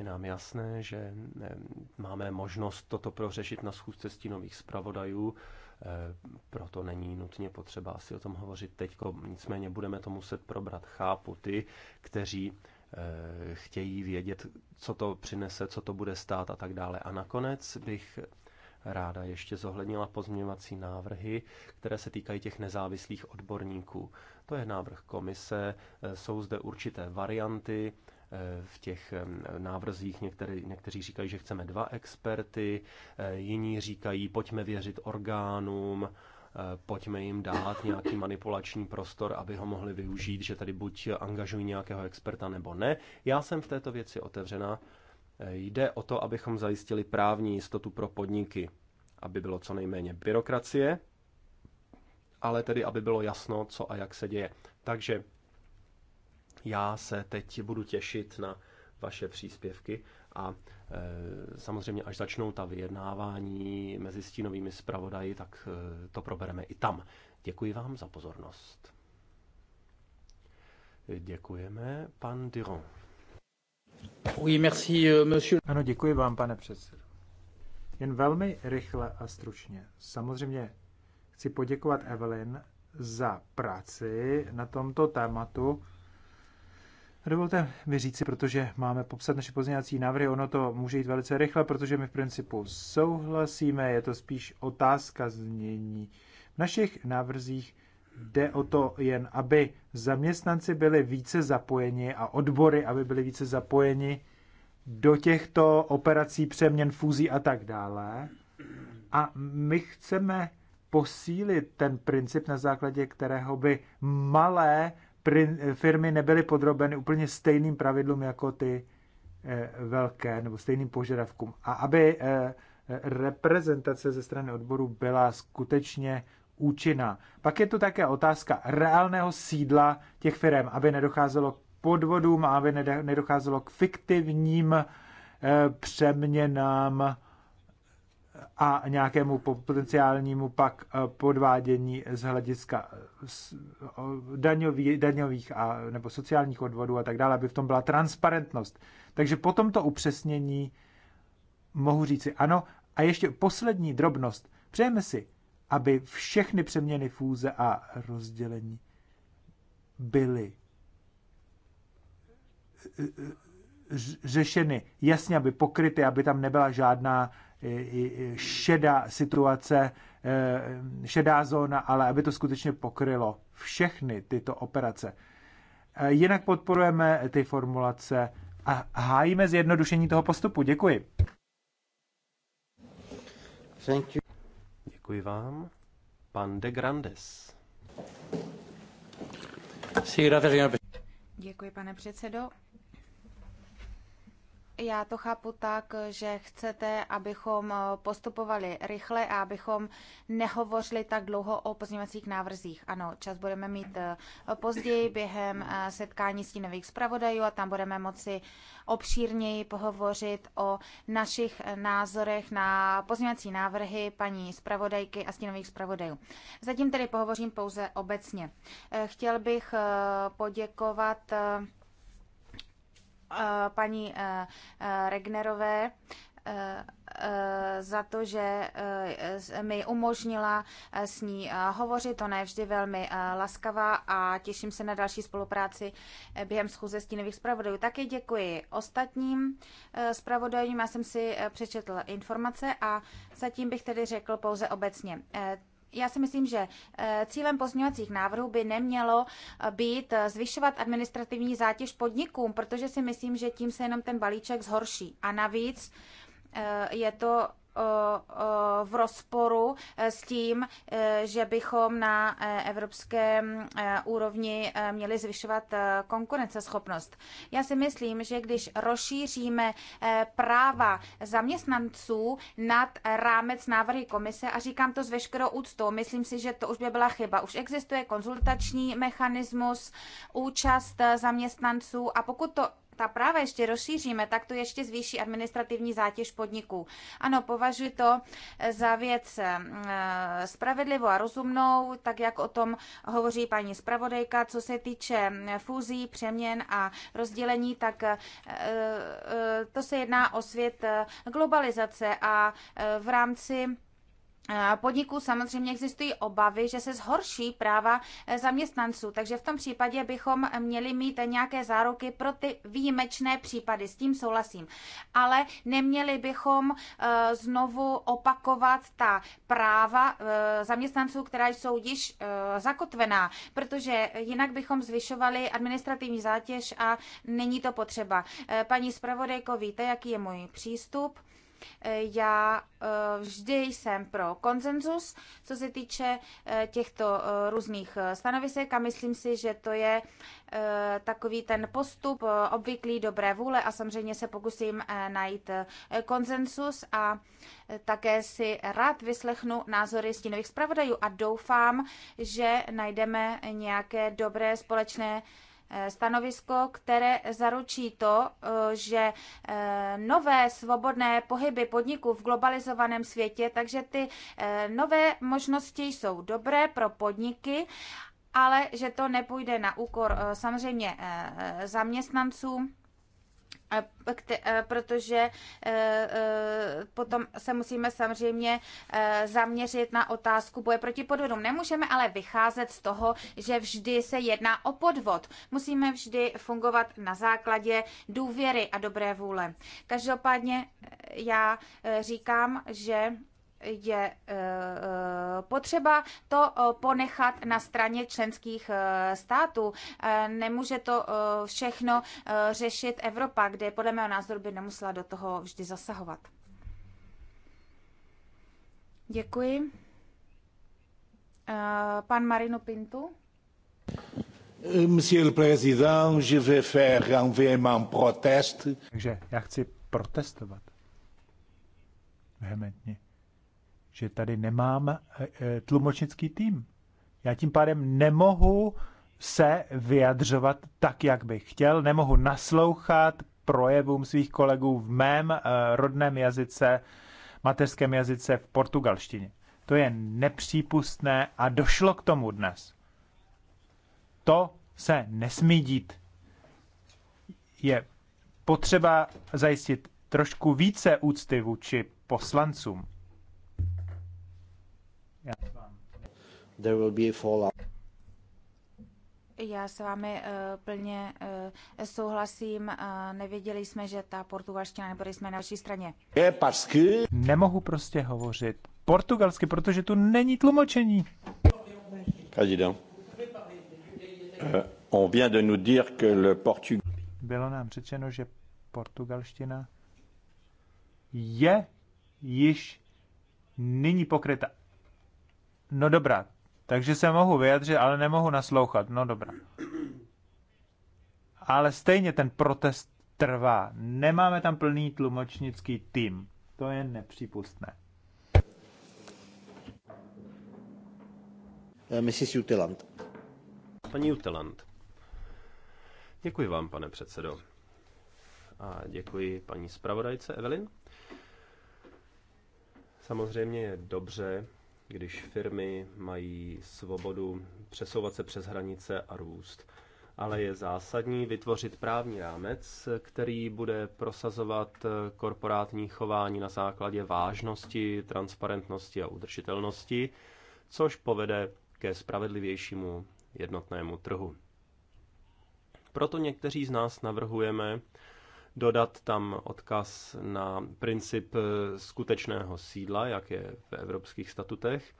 Je nám jasné, že máme možnost toto prořešit na schůzce stínových zpravodajů, e, proto není nutně potřeba asi o tom hovořit teď. Nicméně budeme to muset probrat. Chápu ty, kteří e, chtějí vědět, co to přinese, co to bude stát a tak dále. A nakonec bych ráda ještě zohlednila pozměňovací návrhy, které se týkají těch nezávislých odborníků. To je návrh komise, e, jsou zde určité varianty, v těch návrzích. Některý, někteří říkají, že chceme dva experty, e, jiní říkají, pojďme věřit orgánům, e, pojďme jim dát nějaký manipulační prostor, aby ho mohli využít, že tady buď angažují nějakého experta nebo ne. Já jsem v této věci otevřena. E, jde o to, abychom zajistili právní jistotu pro podniky, aby bylo co nejméně byrokracie, ale tedy aby bylo jasno, co a jak se děje. Takže já se teď budu těšit na vaše příspěvky a e, samozřejmě, až začnou ta vyjednávání mezi stínovými zpravodaji, tak e, to probereme i tam. Děkuji vám za pozornost. Děkujeme, pan Diron. Oui, merci, euh, monsieur. Ano, děkuji vám, pane předsedo. Jen velmi rychle a stručně. Samozřejmě chci poděkovat Evelyn za práci na tomto tématu Dovolte mi říci, protože máme popsat naše pozměňovací návrhy, ono to může jít velice rychle, protože my v principu souhlasíme, je to spíš otázka změní. V našich návrzích jde o to jen, aby zaměstnanci byli více zapojeni a odbory, aby byly více zapojeni do těchto operací přeměn, fúzí a tak dále. A my chceme posílit ten princip, na základě kterého by malé firmy nebyly podrobeny úplně stejným pravidlům jako ty eh, velké nebo stejným požadavkům. A aby eh, eh, reprezentace ze strany odboru byla skutečně účinná. Pak je tu také otázka reálného sídla těch firm, aby nedocházelo k podvodům a aby nedocházelo k fiktivním přeměnám a nějakému potenciálnímu pak eh, podvádění z hlediska eh, daňový, daňových a, nebo sociálních odvodů a tak dále, aby v tom byla transparentnost. Takže po tomto upřesnění mohu říci ano. A ještě poslední drobnost. Přejeme si, aby všechny přeměny fůze a rozdělení byly eh, řešeny jasně, aby pokryty, aby tam nebyla žádná šedá situace, e, šedá zóna, ale aby to skutečně pokrylo všechny tyto operace. E, jinak podporujeme ty formulace a hájíme zjednodušení toho postupu. Děkuji. Thank you. Děkuji vám. Pan de Grandes. Děkuji, pane předsedo já to chápu tak, že chcete, abychom eh, postupovali rychle a abychom nehovořili tak dlouho o pozměňovacích návrzích. Ano, čas budeme mít eh, později během eh, setkání stínových zpravodajů a tam budeme moci obšírněji pohovořit o našich názorech na pozměňovací návrhy paní zpravodajky a stínových zpravodajů. Zatím tedy pohovořím pouze obecně. Chtěl bych poděkovat Eh, paní eh, eh, Regnerové za to, že mi umožnila s ní hovořit. Ona je vždy velmi laskavá a těším se na další spolupráci během schůze stínových zpravodajů. Také děkuji ostatním zpravodajům. Já jsem si přečetl informace a zatím bych tedy řekl pouze obecně já si myslím, že eh, cílem pozměňovacích návrhů by nemělo eh, být eh, zvyšovat administrativní zátěž podnikům, protože si myslím, že tím se jenom ten balíček zhorší. A navíc je to v rozporu eh, s tím, eh, že bychom na eh, evropské mm, úrovni měli zvyšovat konkurenceschopnost. Já si myslím, že když rozšíříme práva zaměstnanců nad rámec návrhy komise, a říkám to s veškerou úctou, myslím si, že to už by byla chyba. Už existuje konzultační mechanismus, účast zaměstnanců a pokud to ta práva ještě rozšíříme, tak to ještě zvýší administrativní zátěž podniků. Ano, považuji to eh, za věc eh, spravedlivou a rozumnou, tak jak o tom hovoří paní zpravodajka, co se týče mm, fúzí, přeměn a rozdělení, tak eh, to se jedná o svět globalizace a v rámci podniků samozřejmě existují obavy, že se zhorší práva eh, zaměstnanců, takže v tom případě bychom měli mít nějaké záruky pro ty výjimečné případy, s tím souhlasím. Ale neměli bychom eh, znovu opakovat ta práva eh, zaměstnanců, která jsou již zakotvená, protože jinak bychom zvyšovali administrativní zátěž a není to potřeba. Paní zpravodajko, víte, jaký je můj přístup? Já eh, vždy jsem pro konsenzus, co se týče eh, těchto eh, různých stanovisek a myslím si, že to je takový ten postup obvyklý dobré vůle a samozřejmě se pokusím najít konsenzus a také si rád vyslechnu názory stínových zpravodajů a doufám, že najdeme nějaké dobré společné Eh, stanovisko, které zaručí to, eh, že eh, nové svobodné pohyby podniků v globalizovaném světě, takže ty nové možnosti jsou dobré pro podniky, ale že to nepůjde na úkor samozřejmě zaměstnanců Eh, protože eh, eh, potom se musíme samozřejmě zaměřit na otázku boje proti podvodům. Nemůžeme ale vycházet z toho, že vždy se jedná o podvod. Musíme vždy fungovat na základě důvěry a dobré vůle. Každopádně já říkám, že je eh, eh, potřeba to eh, ponechat na straně členských států. Nemůže to všechno řešit Evropa, kde podle mého názoru by nemusela do toho vždy zasahovat. Děkuji. Pan Marino Pintu. Monsieur le Président, je vais faire un véhément protest. Takže já chci protestovat vehementně že tady nemám e, e, tlumočnický tým. Já tím pádem nemohu se vyjadřovat tak, jak bych chtěl, nemohu naslouchat projevům svých kolegů v mém e, rodném jazyce, mateřském jazyce v portugalštině. To je nepřípustné a došlo k tomu dnes. To se nesmí dít. Je potřeba zajistit trošku více úcty vůči poslancům. There will be a fallout. Já s vámi uh, plně uh, souhlasím. Uh, nevěděli jsme, že ta portugalština nebo jsme na vaší straně. Nemohu prostě hovořit portugalsky, protože tu není tlumočení. Président. On vient de nous dire que le portug... Bylo nám řečeno, že portugalština je již nyní pokryta No dobrá, takže se mohu vyjadřit, ale nemohu naslouchat. No dobrá. Ale stejně ten protest trvá. Nemáme tam plný tlumočnický tým. To je nepřípustné. Eh, Mrs. Utiland. Paní Utiland. Děkuji vám, pane předsedo. A děkuji paní zpravodajce Evelyn. Samozřejmě je dobře, když firmy mají svobodu přesouvat se přes hranice a růst. Ale je zásadní vytvořit právní rámec, který bude prosazovat korporátní chování na základě vážnosti, transparentnosti a udržitelnosti, což povede ke spravedlivějšímu jednotnému trhu. Proto někteří z nás navrhujeme dodat tam odkaz na princip eh, skutečného sídla, jak je v evropských statutech.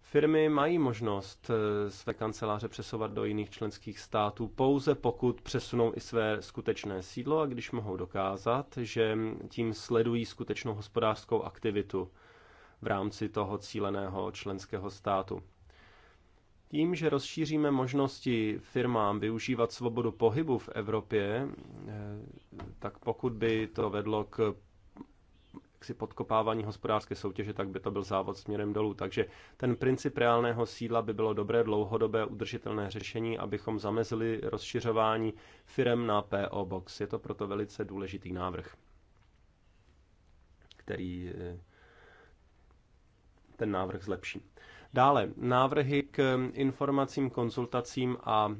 Firmy mají možnost eh, své kanceláře přesovat do jiných členských států pouze pokud přesunou i své skutečné sídlo a když mohou dokázat, že tím sledují skutečnou hospodářskou aktivitu v rámci toho cíleného členského státu. Tím, že rozšíříme možnosti firmám využívat svobodu pohybu v Evropě, eh, tak pokud by to vedlo k si podkopávání hospodářské soutěže, tak by to byl závod směrem dolů. Takže ten princip reálného sídla by bylo dobré dlouhodobé udržitelné řešení, abychom zamezili rozšiřování firm na PO Box. Je to proto velice důležitý návrh, který eh, ten návrh zlepší. Dále návrhy k informacím, konzultacím a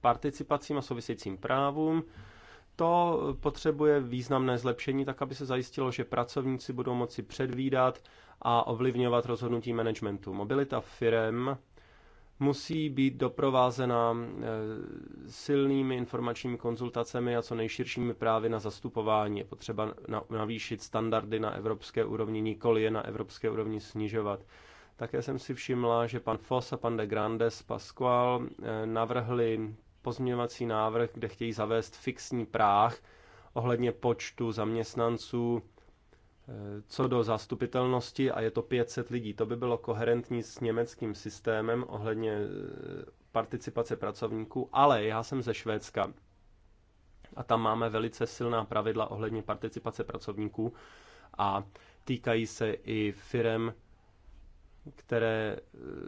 participacím a souvisejícím právům. To potřebuje významné zlepšení, tak aby se zajistilo, že pracovníci budou moci předvídat a ovlivňovat rozhodnutí managementu. Mobilita firem musí být doprovázena eh, silnými informačními konzultacemi a co nejširšími právy na zastupování. Je potřeba navýšit standardy na evropské úrovni, nikoli je na evropské úrovni snižovat. Také jsem si všimla, že pan Foss a pan de Grandes Pascual eh, navrhli pozměňovací návrh, kde chtějí zavést fixní práh ohledně počtu zaměstnanců co do zastupitelnosti a je to 500 lidí. To by bylo koherentní s německým systémem ohledně e, participace pracovníků, ale já jsem ze Švédska a tam máme velice silná pravidla ohledně participace pracovníků a týkají se i firem, které e,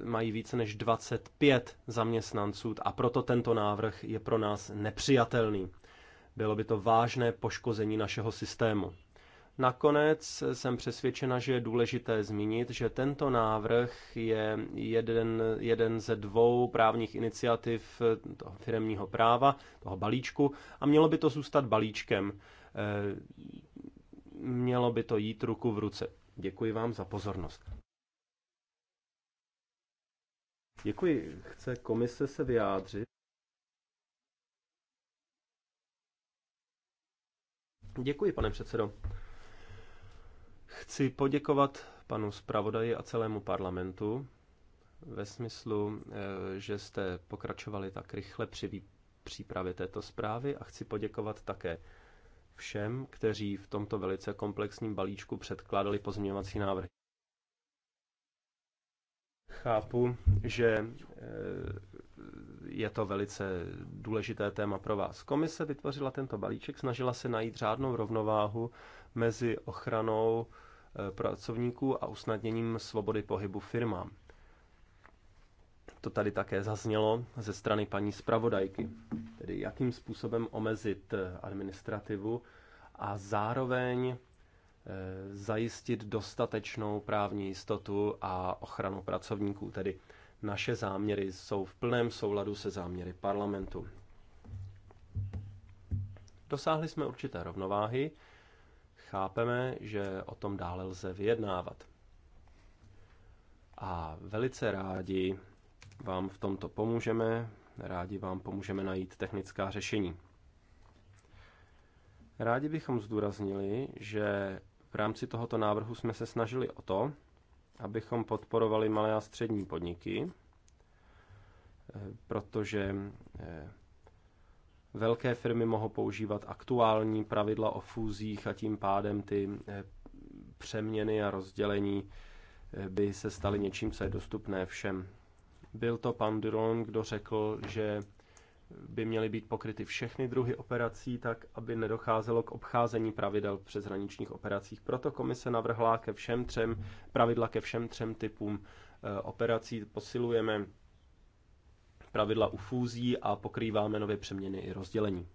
mají více než 25 zaměstnanců a proto tento návrh je pro nás nepřijatelný. Bylo by to vážné poškození našeho systému. Nakonec jsem přesvědčena, že je důležité zmínit, že tento návrh je jeden, jeden ze dvou právních iniciativ toho firmního práva, toho balíčku, a mělo by to zůstat balíčkem. Eh, mělo by to jít ruku v ruce. Děkuji vám za pozornost. Děkuji. Chce komise se vyjádřit? Děkuji, pane předsedo. Chci poděkovat panu zpravodaji a celému parlamentu ve smyslu, eh, že jste pokračovali tak rychle při přípravě této zprávy a chci poděkovat také všem, kteří v tomto velice komplexním balíčku předkládali pozměňovací návrhy. Chápu, že eh, je to velice důležité téma pro vás. Komise vytvořila tento balíček, snažila se najít řádnou rovnováhu mezi ochranou Eh, pracovníků a usnadněním svobody pohybu firmám. To tady také zaznělo ze strany paní zpravodajky, tedy jakým způsobem omezit eh, administrativu a zároveň eh, zajistit dostatečnou právní jistotu a ochranu pracovníků. Tedy naše záměry jsou v plném souladu se záměry parlamentu. Dosáhli jsme určité rovnováhy, chápeme, že o tom dále lze vyjednávat. A velice rádi vám v tomto pomůžeme, rádi vám pomůžeme najít technická řešení. Rádi bychom zdůraznili, že v rámci tohoto návrhu jsme se snažili o to, abychom podporovali malé a střední podniky, eh, protože eh, Velké firmy mohou používat aktuální pravidla o fúzích a tím pádem ty eh, přeměny a rozdělení eh, by se staly něčím, co je dostupné všem. Byl to pan Duron, kdo řekl, že by měly být pokryty všechny druhy operací, tak aby nedocházelo k obcházení pravidel v přeshraničních operacích. Proto komise navrhla ke všem třem, pravidla ke všem třem typům eh, operací. Posilujeme pravidla u fúzí a pokrýváme nově přeměny i rozdělení.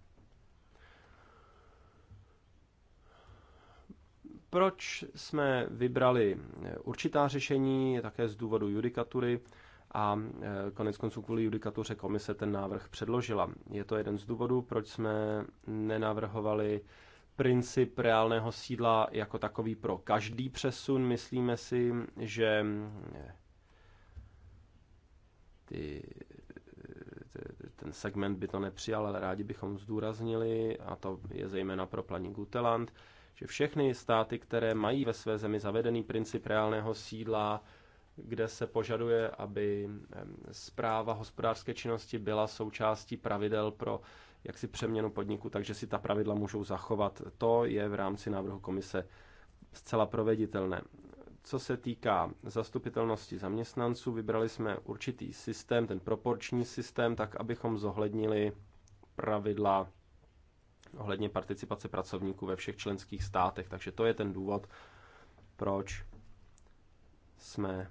Proč jsme vybrali eh, určitá řešení, je také z důvodu judikatury a eh, konec konců kvůli judikatuře komise ten návrh předložila. Je to jeden z důvodů, proč jsme nenavrhovali princip reálného sídla jako takový pro každý přesun. Myslíme si, že eh, ty ten segment by to nepřijal, ale rádi bychom zdůraznili, a to je zejména pro planí Guteland, že všechny státy, které mají ve své zemi zavedený princip reálného sídla, kde se požaduje, aby zpráva hospodářské činnosti byla součástí pravidel pro jaksi přeměnu podniku, takže si ta pravidla můžou zachovat. To je v rámci návrhu komise zcela proveditelné. Co se týká zastupitelnosti zaměstnanců, vybrali jsme určitý systém, ten proporční systém, tak abychom zohlednili pravidla ohledně participace pracovníků ve všech členských státech. Takže to je ten důvod, proč jsme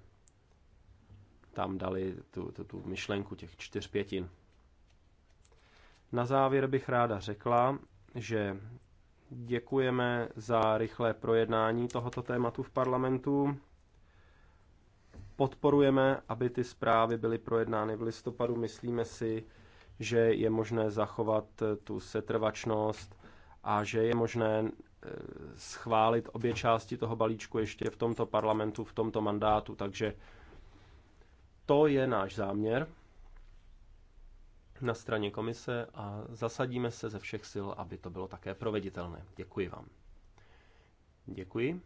tam dali tu, tu, tu myšlenku těch čtyř pětin. Na závěr bych ráda řekla, že Děkujeme za rychlé projednání tohoto tématu v parlamentu. Podporujeme, aby ty zprávy byly projednány v listopadu. Myslíme si, že je možné zachovat eh, tu setrvačnost a že je možné eh, schválit obě části toho balíčku ještě v tomto parlamentu, v tomto mandátu. Takže to je náš záměr na straně komise a zasadíme se ze všech sil, aby to bylo také proveditelné. Děkuji vám. Děkuji.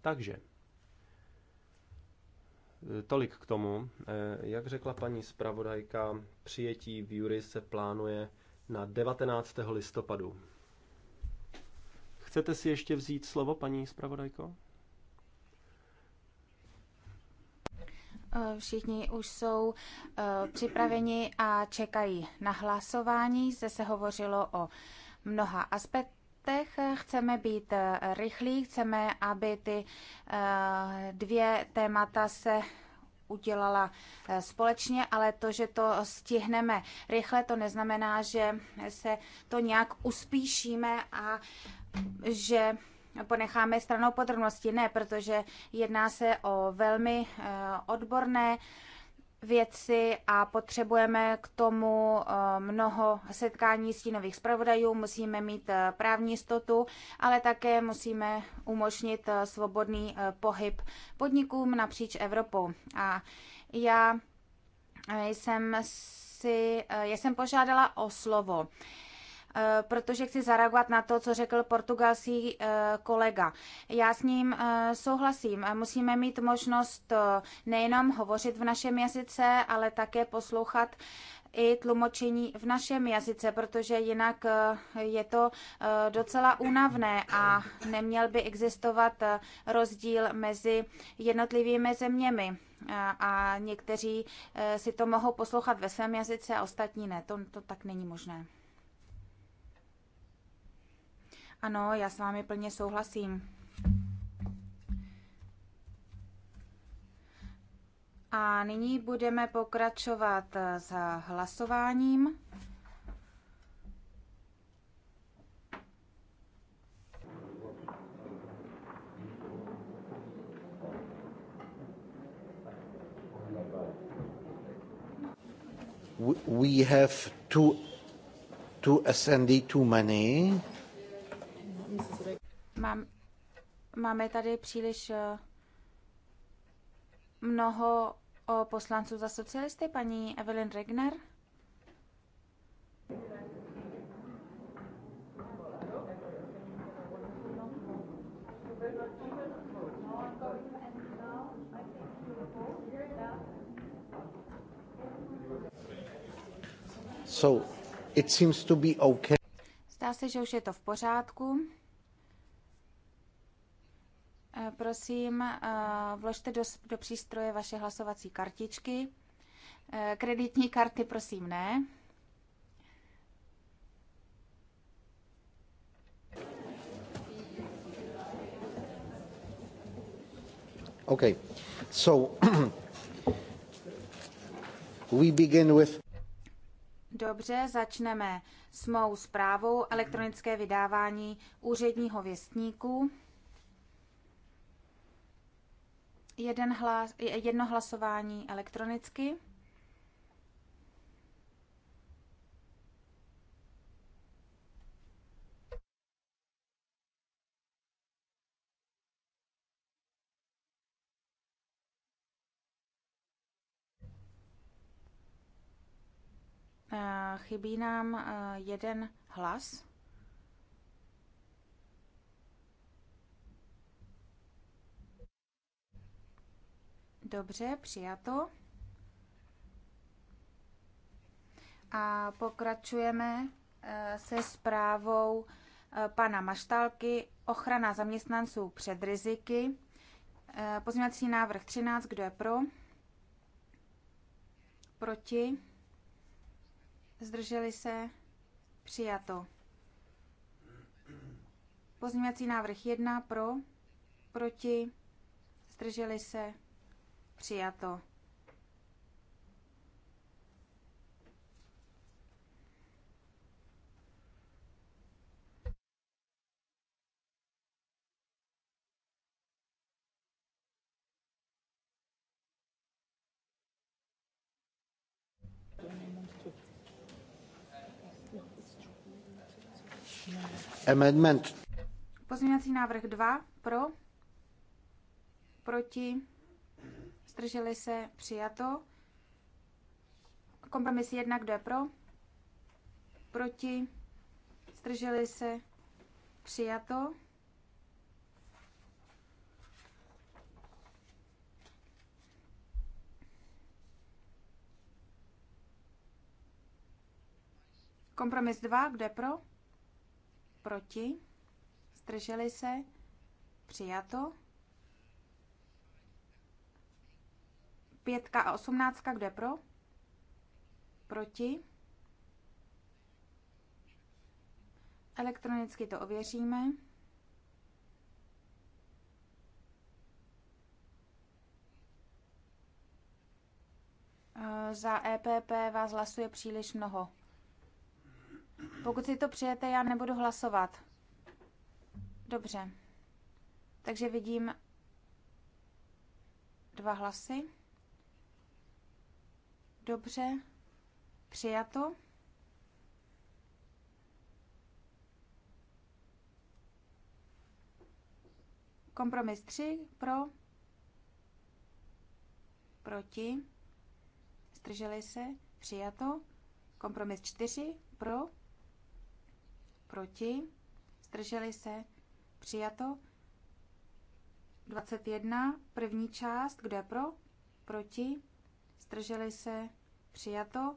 Takže, eh, tolik k tomu. Eh, jak řekla paní zpravodajka, přijetí v jury se plánuje na 19. listopadu. Chcete si ještě vzít slovo, paní zpravodajko? Eh, všichni už jsou eh, připraveni a čekají na hlasování. Zde se hovořilo o mnoha aspektech. Chceme být eh, rychlí, chceme, aby ty dvě témata se udělala společně, ale to, že to stihneme rychle, to neznamená, že se to nějak uspíšíme a že ponecháme stranou podrobnosti. Ne, protože jedná se o velmi eh, odborné věci a potřebujeme k tomu eh, mnoho setkání stínových zpravodajů, musíme mít eh, právní jistotu, ale také musíme umožnit svobodný pohyb podnikům napříč Evropou. A já jsem si, já jsem požádala o slovo Eh, protože chci zareagovat na to, co řekl portugalský eh, kolega. Já s ním eh, souhlasím. Musíme mít možnost nejenom hovořit v našem jazyce, ale také poslouchat i tlumočení v našem jazyce, protože jinak je to docela únavné a neměl by existovat rozdíl mezi jednotlivými zeměmi. A někteří si to mohou poslouchat ve svém jazyce a ostatní ne. To, to tak není možné. Ano, já s vámi plně souhlasím. A nyní budeme pokračovat s hlasováním. We have two, two SND too many. Mám, máme tady příliš eh, mnoho poslanců za socialisty, paní Evelyn Regner. So, it seems to be okay. Zdá se, že už je to v pořádku. Eh, prosím, eh, vložte do, do přístroje vaše hlasovací kartičky. Eh, kreditní karty prosím ne. OK. So (clears throat) we begin with Dobře, začneme s mou zprávou elektronické vydávání úředního věstníku. jeden hlas, jedno hlasování elektronicky. Eh, chybí nám eh, jeden hlas. Dobře, přijato. A pokračujeme eh, se zprávou eh, pana Maštálky ochrana zaměstnanců před riziky. Eh, pozměňovací návrh 13, kdo je pro? Proti? Zdrželi se? Přijato. Pozměňovací návrh 1 pro, proti, zdrželi se, Přijato. Amendment. Pozměňovací návrh 2 pro, proti, zdrželi se, přijato. Kompromis jedna, kdo je pro, proti, zdrželi se, přijato. Kompromis 2, kdo je pro? Proti? Zdrželi se? Přijato? Pětka a osmnáctka, kdo je pro? Proti? Elektronicky to ověříme. Za EPP vás hlasuje příliš mnoho. Pokud si to přijete, já nebudu hlasovat. Dobře. Takže vidím dva hlasy. Dobře. Přijato. Kompromis 3 pro, proti, zdrželi se, přijato. Kompromis 4 pro, proti, zdrželi se, přijato. 21, první část, kdo je pro, proti, zdrželi se, přijato.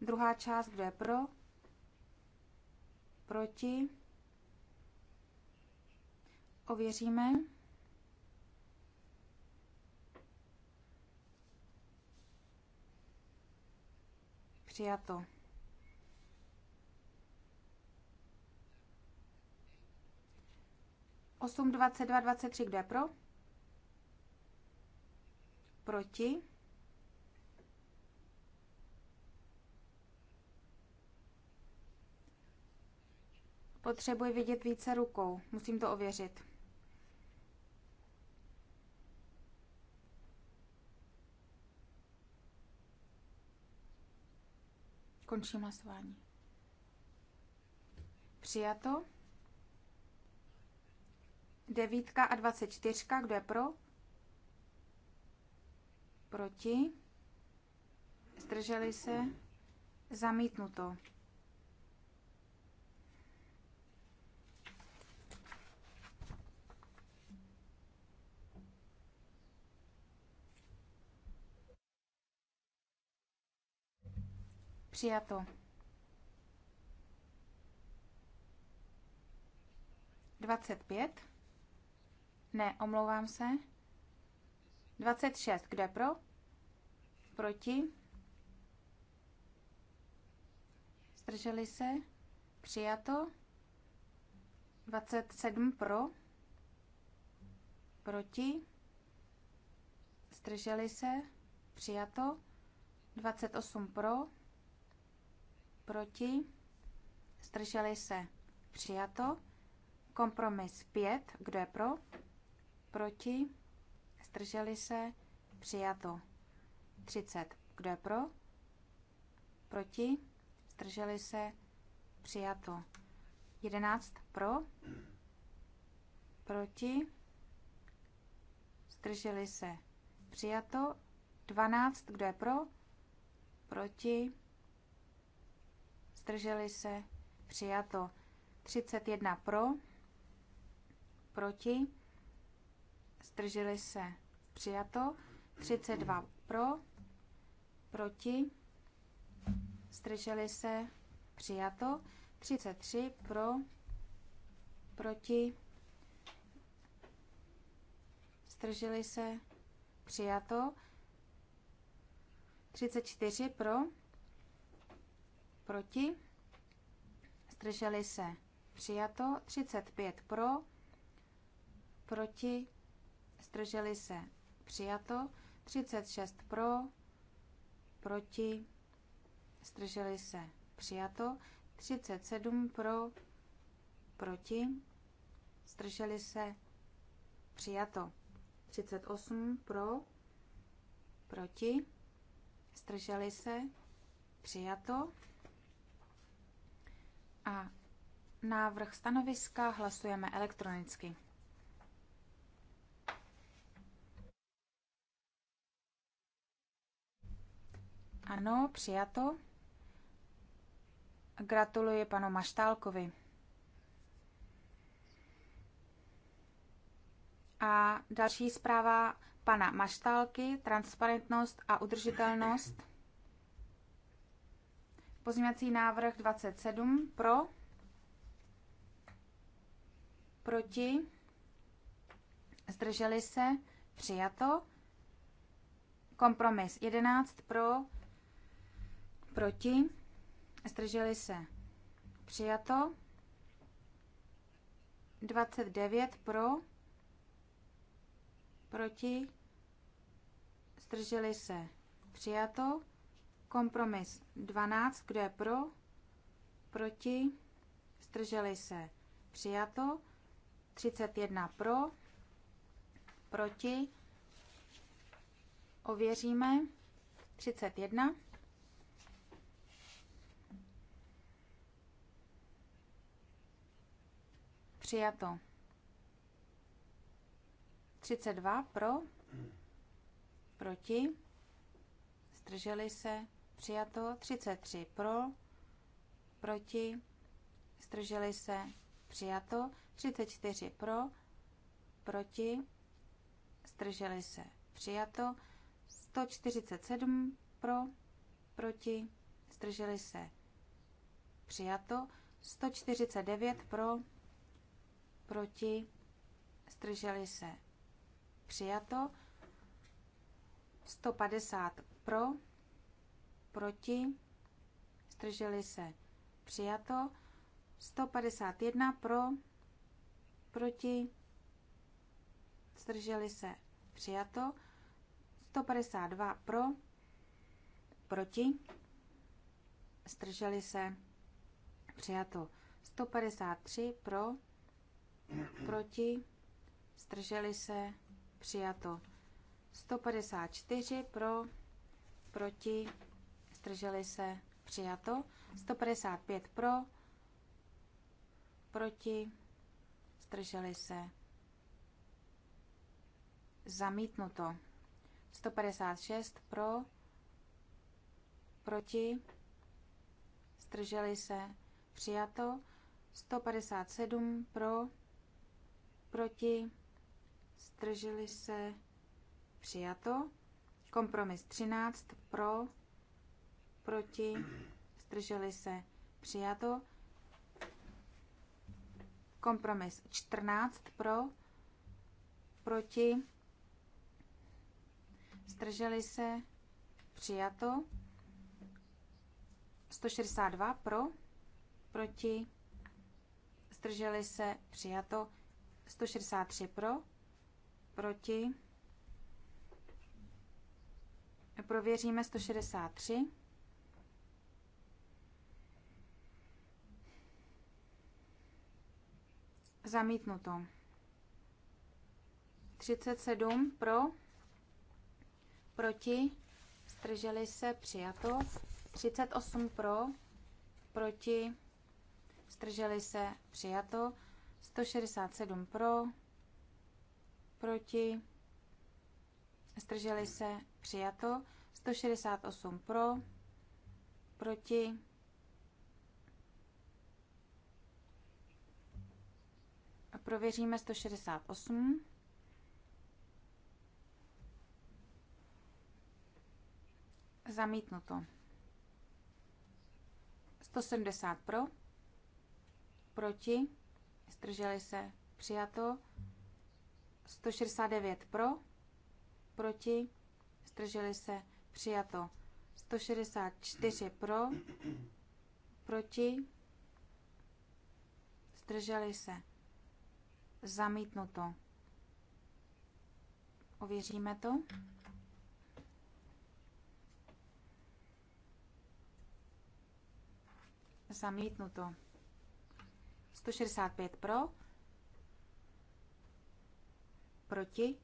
Druhá část, kdo je pro, proti, ověříme. Přijato. Osm, dvacet dva, dvacet tři, kde pro? Proti. Potřebuji vidět více rukou. Musím to ověřit. Končím hlasování. Přijato. Devítka a dvacet čtyřka. Kdo je pro? Proti. Zdrželi se. Zamítnuto. Přijato. 25. Ne, omlouvám se. 26. Kde pro? Proti? Zdrželi se? Přijato? 27 pro? Proti? Zdrželi se? Přijato? 28 pro? proti, zdrželi se, přijato. Kompromis 5, kdo je pro, proti, zdrželi se, přijato. 30, kdo je pro, proti, zdrželi se, přijato. 11 pro, proti, zdrželi se, přijato. 12, kdo je pro, proti, zdrželi se, přijato. 31 pro, proti, zdrželi se, přijato. 32 pro, proti, zdrželi se, přijato. 33 pro, proti, zdrželi se, přijato. 34 pro, proti, zdrželi se přijato, 35 pro, proti, zdrželi se přijato, 36 pro, proti, zdrželi se přijato, 37 pro, proti, zdrželi se přijato, 38 pro, proti, zdrželi se přijato, a návrh stanoviska hlasujeme elektronicky. Ano, přijato. Gratuluji panu Maštálkovi. A další zpráva pana Maštálky, transparentnost a udržitelnost. Pozměňovací návrh 27 pro, proti, zdrželi se, přijato. Kompromis 11 pro, proti, zdrželi se, přijato. 29 pro, proti, zdrželi se, přijato. Kompromis 12, kdo je pro, proti, zdrželi se, přijato. 31 pro, proti, ověříme. 31. Přijato. 32 pro, proti, zdrželi se, přijato, 33 pro, proti, zdrželi se, přijato, 34 pro, proti, zdrželi se, přijato, 147 pro, proti, zdrželi se, přijato, 149 pro, proti, zdrželi se, přijato, 150 pro, proti, zdrželi se, přijato. 151 pro, proti, zdrželi se, přijato. 152 pro, proti, zdrželi se, přijato. 153 pro, proti, zdrželi se, přijato. 154 pro, proti, zdrželi se, přijato. 155 pro, proti, zdrželi se, zamítnuto. 156 pro, proti, zdrželi se, přijato. 157 pro, proti, zdrželi se, přijato. Kompromis 13 pro, proti, zdrželi se, přijato. Kompromis 14 pro, proti, zdrželi se, přijato. 162 pro, proti, zdrželi se, přijato. 163 pro, proti, prověříme 163. Zamítnuto. 37 pro, proti, zdrželi se, přijato. 38 pro, proti, zdrželi se, přijato. 167 pro, proti, zdrželi se, přijato. 168 pro, proti, prověříme 168. Zamítnuto. 170 pro, proti, zdrželi se, přijato. 169 pro, proti, zdrželi se, přijato. 164 pro, proti, zdrželi se. Zamítnuto. Ověříme to. Zamítnuto. 165 pro. Proti.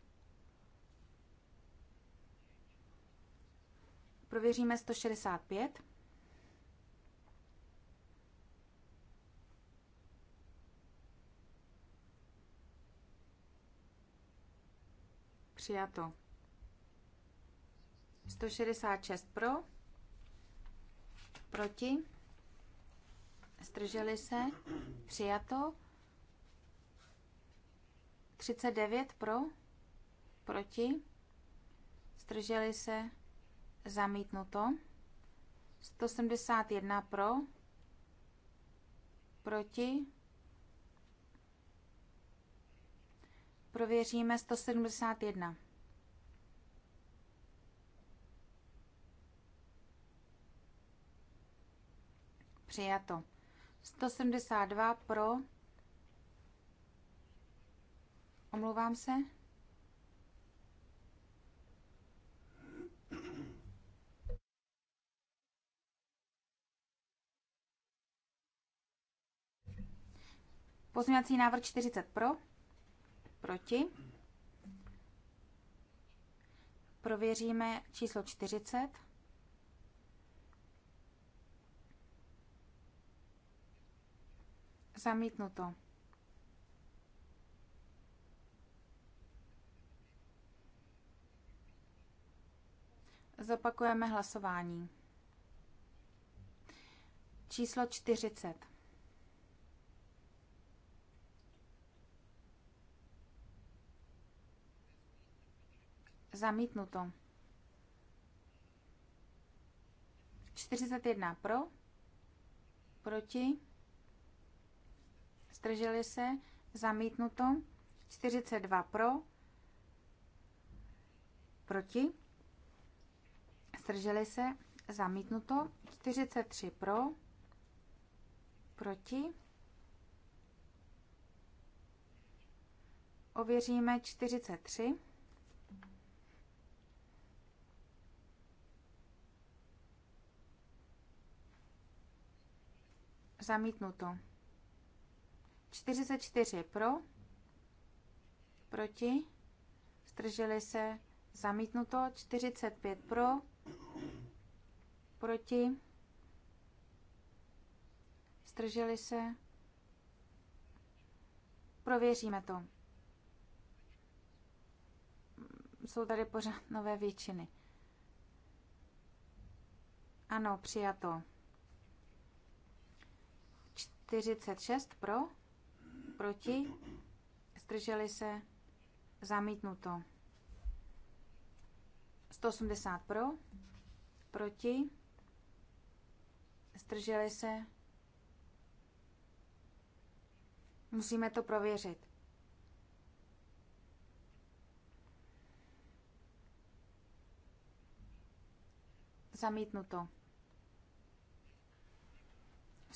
Prověříme 165. Přijato. 166 pro, proti, strželi se, přijato. 39 pro, proti, strželi se, zamítnuto. 171 pro, proti, Prověříme 171. Přijato. 172 pro. Omlouvám se. Pozměňovací návrh 40 pro. Proti? Prověříme číslo 40. Zamítnuto. Zopakujeme hlasování. Číslo 40. Zamítnuto. 41 pro, proti, zdrželi se, zamítnuto. 42 pro, proti, zdrželi se, zamítnuto. 43 pro, proti. Ověříme 43. Zamítnuto. 44 pro, proti, zdrželi se, zamítnuto. 45 pro, proti, zdrželi se. Prověříme to. Jsou tady pořád nové většiny. Ano, přijato. 46 pro, proti, zdrželi se, zamítnuto. 180 pro, proti, zdrželi se. Musíme to prověřit. Zamítnuto.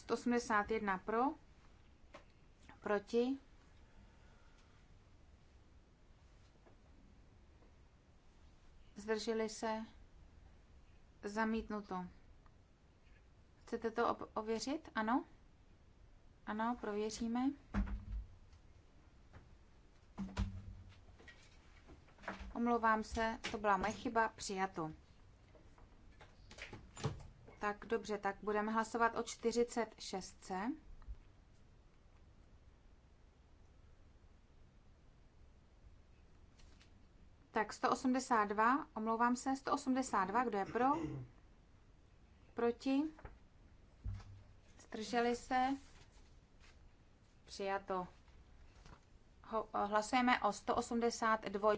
181 pro, proti, zdrželi se, zamítnuto. Chcete to ověřit? Ano? Ano, prověříme. Omlouvám se, to byla moje chyba, přijato. Tak dobře, tak budeme hlasovat o 46. Tak 182, omlouvám se, 182, kdo je pro? Proti? Zdrželi se? Přijato. Hlasujeme o 182.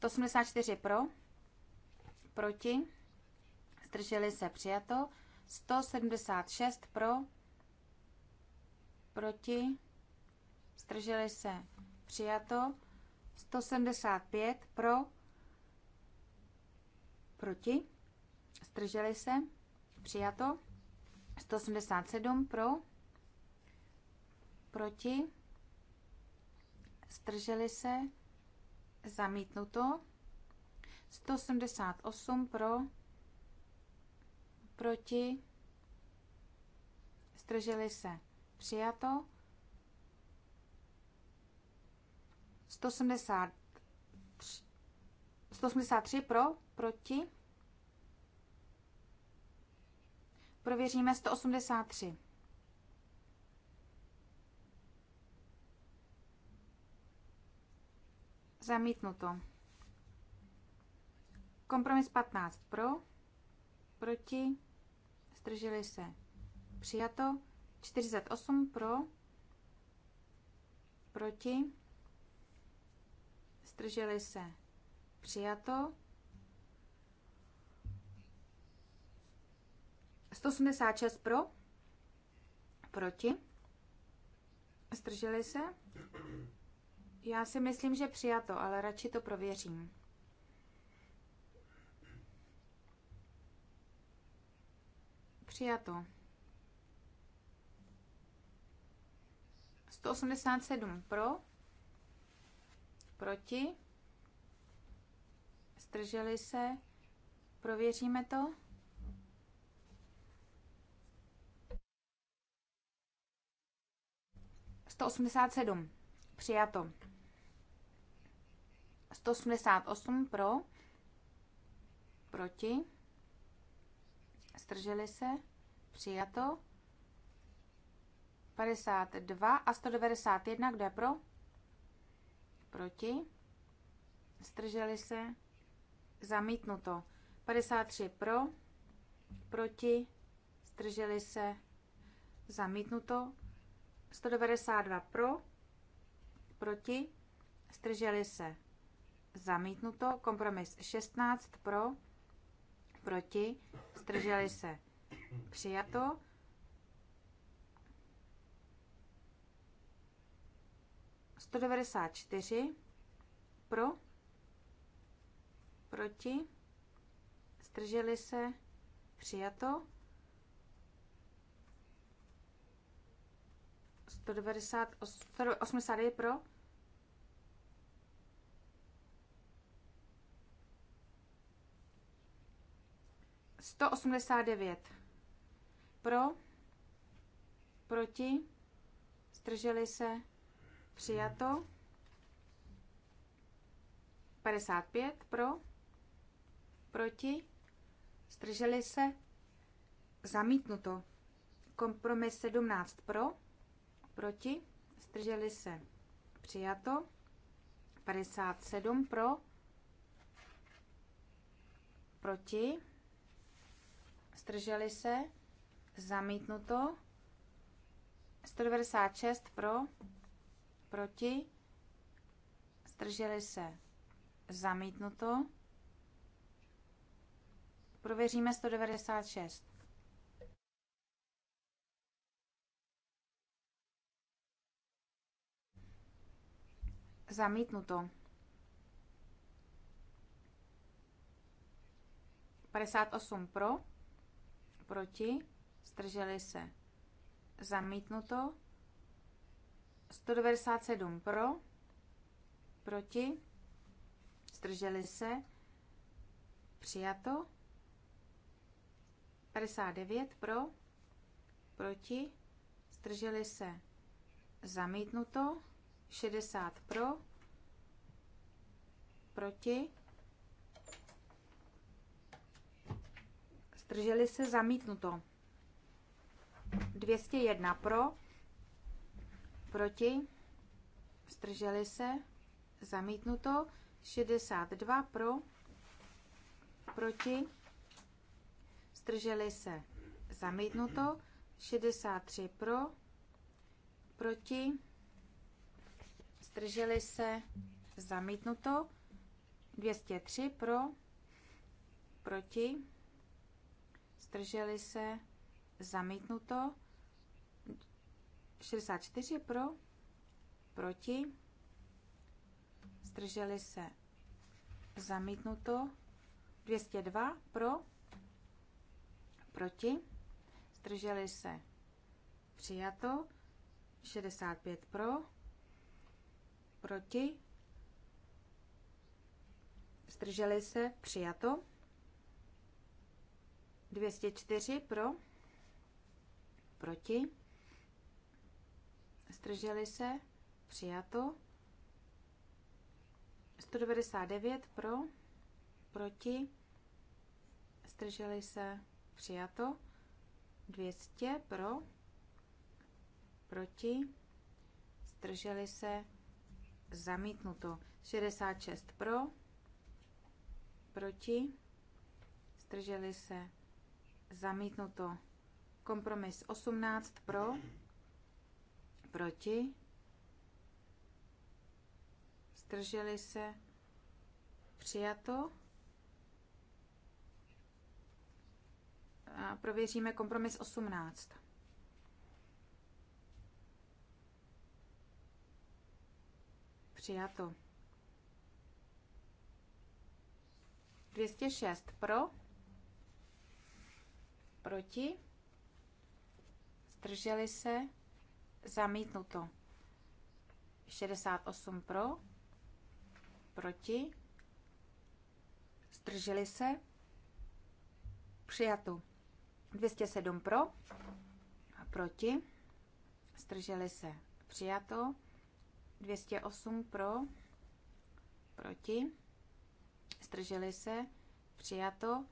184 pro, proti, zdrželi se přijato, 176 pro, proti, zdrželi se přijato, 175 pro, proti, zdrželi se přijato, 187 pro, proti, zdrželi se Zamítnuto. 178 pro, proti, zdrželi se, přijato. 183, 183 pro, proti. Prověříme 183. Zamítnuto. Kompromis 15 pro, proti, zdrželi se. Přijato. 48 pro, proti, zdrželi se. Přijato. 186 pro, proti, zdrželi se. Já si myslím, že přijato, ale radši to prověřím. Přijato. 187 pro, proti, strželi se, prověříme to. To 87. Přijato. 188 pro, proti, strželi se, přijato. 52 a 191, kdo je pro? Proti, strželi se, zamítnuto. 53 pro, proti, strželi se, zamítnuto. 192 pro, proti, strželi se zamítnuto. Kompromis 16 pro, proti, zdrželi se, přijato. Sto devadesát čtyři pro, proti, zdrželi se, přijato. devadesát osmdesát pro, 189. Pro, proti, zdrželi se, přijato. 55 pro, proti, zdrželi se, zamítnuto. Kompromis 17 pro, proti, zdrželi se, přijato. 57 pro, proti, zdrželi se, zamítnuto. 196 pro, proti, zdrželi se, zamítnuto. Prověříme 196. Zamítnuto. 58 pro, proti, zdrželi se, zamítnuto, 197 pro, proti, zdrželi se, přijato, 59 pro, proti, zdrželi se, zamítnuto, 60 pro, proti, zdrželi se zamítnuto. 201 pro, proti, zdrželi se zamítnuto. 62 pro, proti, zdrželi se zamítnuto. 63 pro, proti, zdrželi se zamítnuto. 203 pro, proti, zdrželi se, zamítnuto. 64 pro, proti, zdrželi se, zamítnuto. 202 pro, proti, zdrželi se, přijato. 65 pro, proti, zdrželi se, přijato. 204 pro, proti, strželi se, přijato. 199 pro, proti, strželi se, přijato. 200 pro, proti, strželi se, zamítnuto. 66 pro, proti, strželi se, Zamítnuto. Kompromis 18 pro, proti, zdrželi se, přijato. A prověříme kompromis 18. Přijato. 206 pro Proti? Zdrželi se? Zamítnuto. 68 pro? Proti? Zdrželi se? Přijato. 207 pro? a Proti? Zdrželi se? Přijato. 208 pro? Proti? Zdrželi se? Přijato.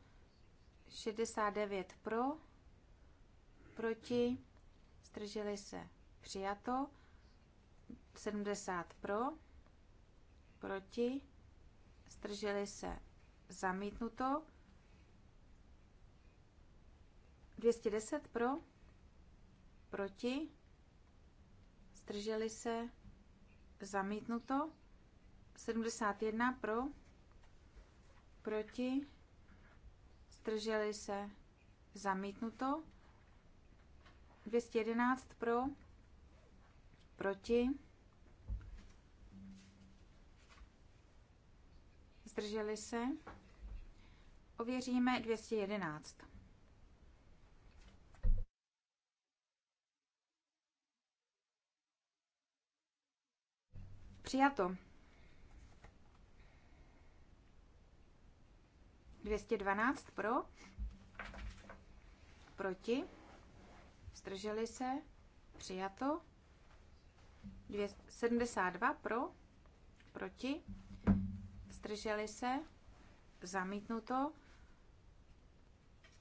69 pro, proti, zdrželi se, přijato. 70 pro, proti, zdrželi se, zamítnuto. 210 pro, proti, zdrželi se, zamítnuto. 71 pro, proti, zdrželi se, zamítnuto. 211 pro, proti, zdrželi se, ověříme 211. Přijato. 212 pro, proti, zdrželi se, přijato. 72 pro, proti, zdrželi se, zamítnuto.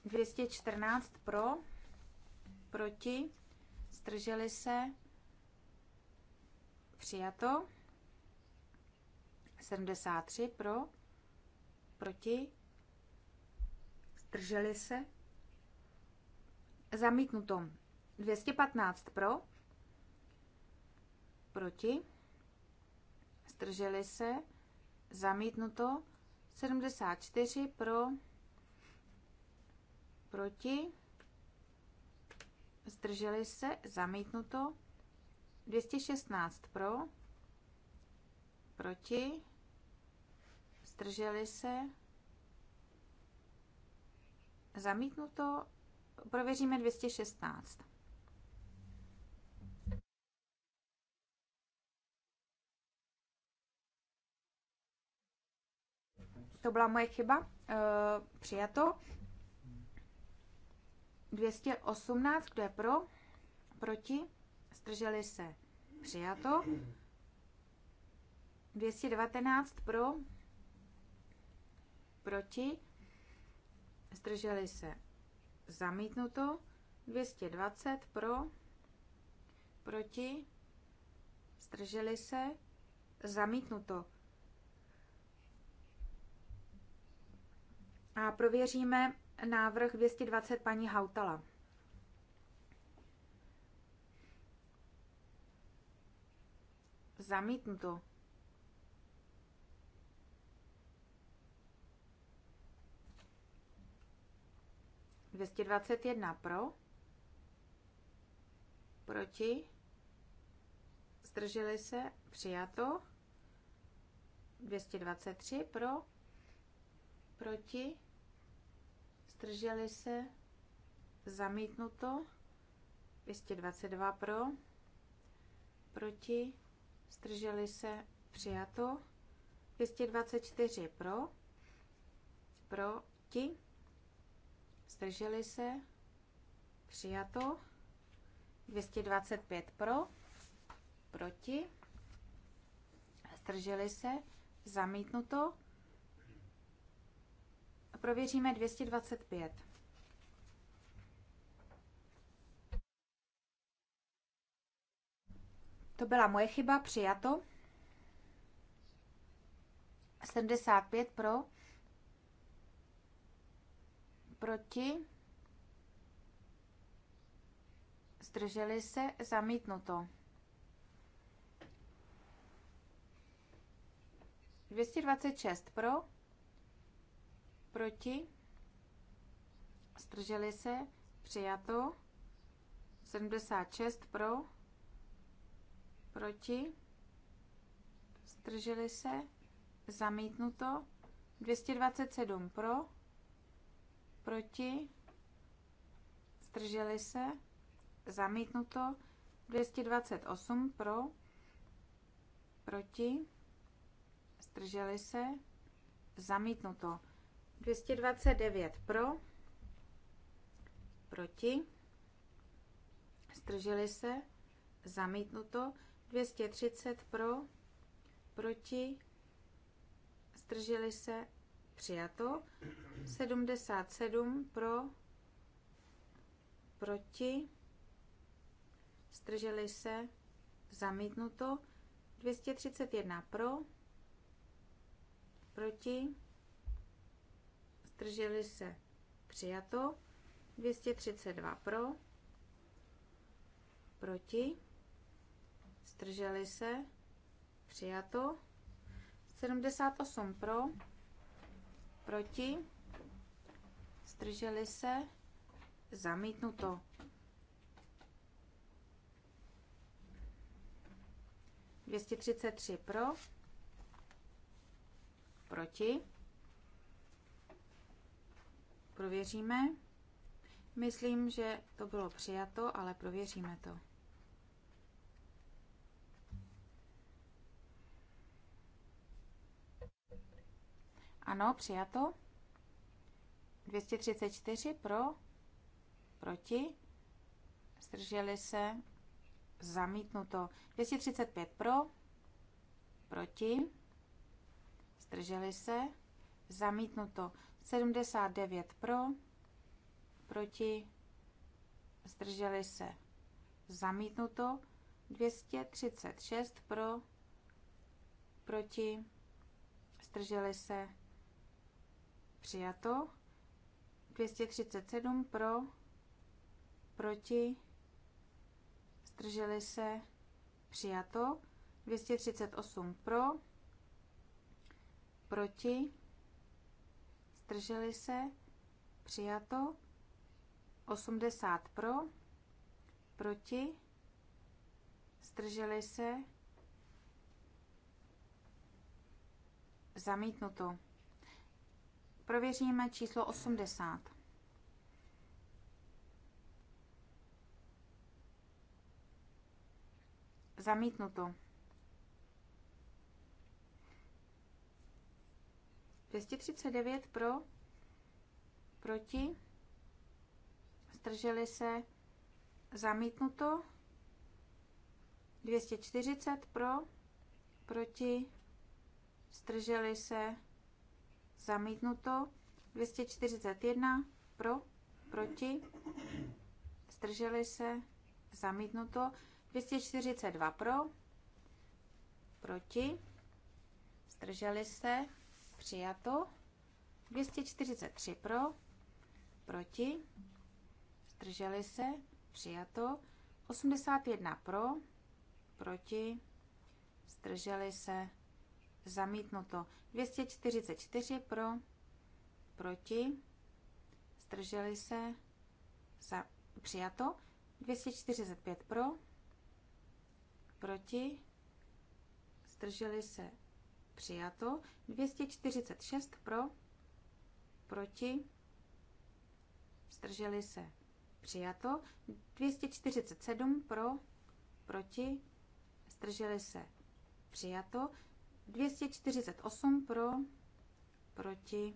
214 pro, proti, zdrželi se, přijato. 73 pro, proti, zdrželi se, zamítnuto 215 pro, proti, zdrželi se, zamítnuto 74 pro, proti, zdrželi se, zamítnuto 216 pro, proti, zdrželi se, Zamítnuto. Prověříme 216. To byla moje chyba. Eh, přijato. 218, kdo je pro? Proti? Zdrželi se. Přijato. 219 pro? Proti? zdrželi se zamítnuto, 220 pro, proti, zdrželi se, zamítnuto. A prověříme návrh 220 paní Hautala. Zamítnuto. 221 pro, proti, zdrželi se, přijato. 223 pro, proti, zdrželi se, zamítnuto. 222 pro, proti, zdrželi se, přijato. 224 pro, proti, zdrželi se, přijato. 225 pro, proti, zdrželi se, zamítnuto. A prověříme 225. To byla moje chyba, přijato. 75 pro, proti, zdrželi se, zamítnuto. 226 pro, proti, zdrželi se, přijato, 76 pro, proti, zdrželi se, zamítnuto, 227 pro, proti, zdrželi se, zamítnuto, 228 pro, proti, zdrželi se, zamítnuto, 229 pro, proti, zdrželi se, zamítnuto, 230 pro, proti, zdrželi se, přijato. 77 pro, proti, zdrželi se, zamítnuto. 231 pro, proti, zdrželi se, přijato. 232 pro, proti, zdrželi se, přijato. 78 pro, proti, zdrželi se, zamítnuto. Dvěstě třicet tři pro, proti, prověříme. Myslím, že to bylo přijato, ale prověříme to. Ano, přijato. 234 pro, proti, zdrželi se, zamítnuto. 235 pro, proti, zdrželi se, zamítnuto. 79 pro, proti, zdrželi se, zamítnuto. 236 pro, proti, zdrželi se, přijato. 237 pro, proti, zdrželi se, přijato. 238 pro, proti, zdrželi se, přijato. 80 pro, proti, zdrželi se, zamítnuto. Prověříme číslo 80. Zamítnuto. třicet devět pro, proti, zdrželi se, zamítnuto. čtyřicet pro, proti, zdrželi se, zamítnuto, 241 pro, proti, zdrželi se, zamítnuto, 242 pro, proti, zdrželi se, přijato, 243 pro, proti, zdrželi se, přijato, 81 pro, proti, zdrželi se, zamítnuto. 244 pro, proti, zdrželi se, za, přijato. 245 pro, proti, zdrželi se, přijato. 246 pro, proti, zdrželi se, přijato. 247 pro, proti, zdrželi se, přijato. 248 pro, proti,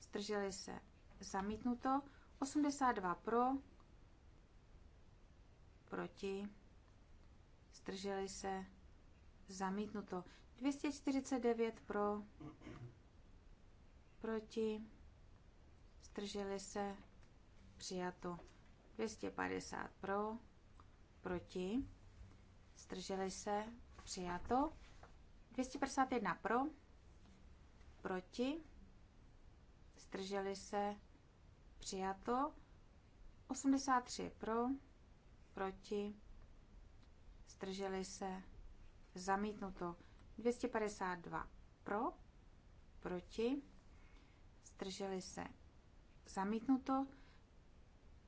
zdrželi se zamítnuto, 82 pro, proti, zdrželi se zamítnuto, 249 pro, proti, zdrželi se přijato, 250 pro, proti, zdrželi se přijato, 251 pro, proti, zdrželi se, přijato. 83 pro, proti, zdrželi se, zamítnuto. 252 pro, proti, zdrželi se, zamítnuto.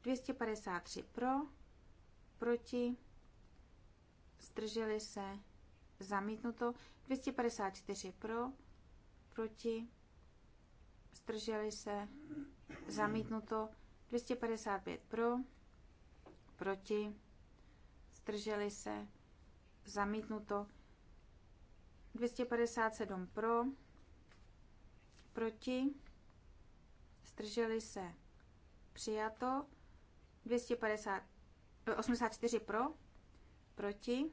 253 pro, proti, zdrželi se, zamítnuto, 254 pro, proti, zdrželi se, zamítnuto, 255 pro, proti, zdrželi se, zamítnuto, 257 pro, proti, zdrželi se, přijato, 250, 84 eh, pro, proti,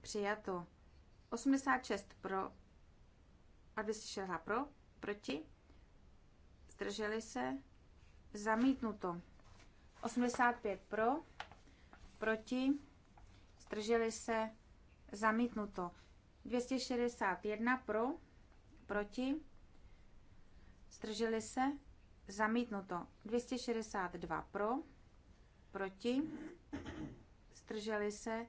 Přijato. 86 pro a 262 pro, proti, zdrželi se, zamítnuto. 85 pro, proti, zdrželi se, zamítnuto. 261 pro, proti, zdrželi se, zamítnuto. 262 pro, proti, zdrželi se,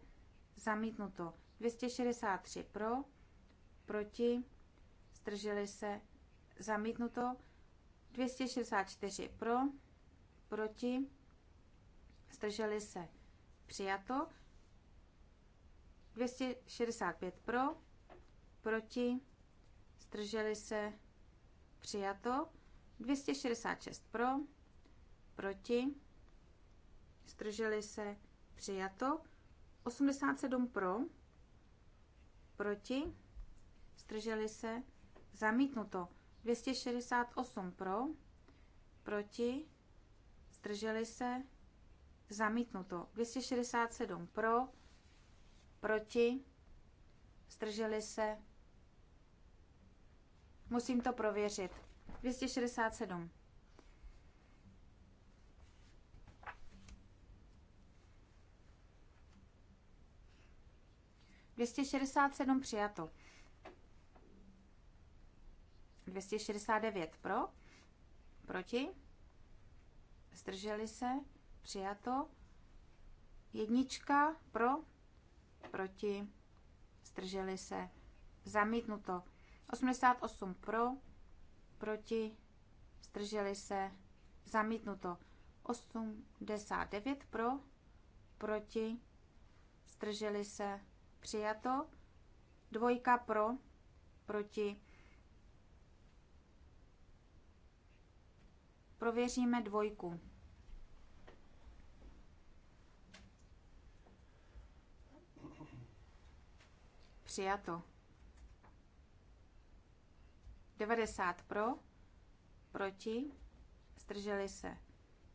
Zamítnuto. 263 pro, proti, zdrželi se, zamítnuto. 264 pro, proti, zdrželi se, přijato. 265 pro, proti, zdrželi se, přijato. 266 pro, proti, zdrželi se, přijato. 87 pro, proti, zdrželi se, zamítnuto. 268 pro, proti, zdrželi se, zamítnuto. 267 pro, proti, zdrželi se, musím to prověřit. 267. 267 přijato. 269 pro, proti, zdrželi se, přijato. Jednička pro, proti, zdrželi se, zamítnuto. 88 pro, proti, zdrželi se, zamítnuto. 89 pro, proti, zdrželi se, přijato. Dvojka pro, proti. Prověříme dvojku. Přijato. 90 pro, proti, zdrželi se.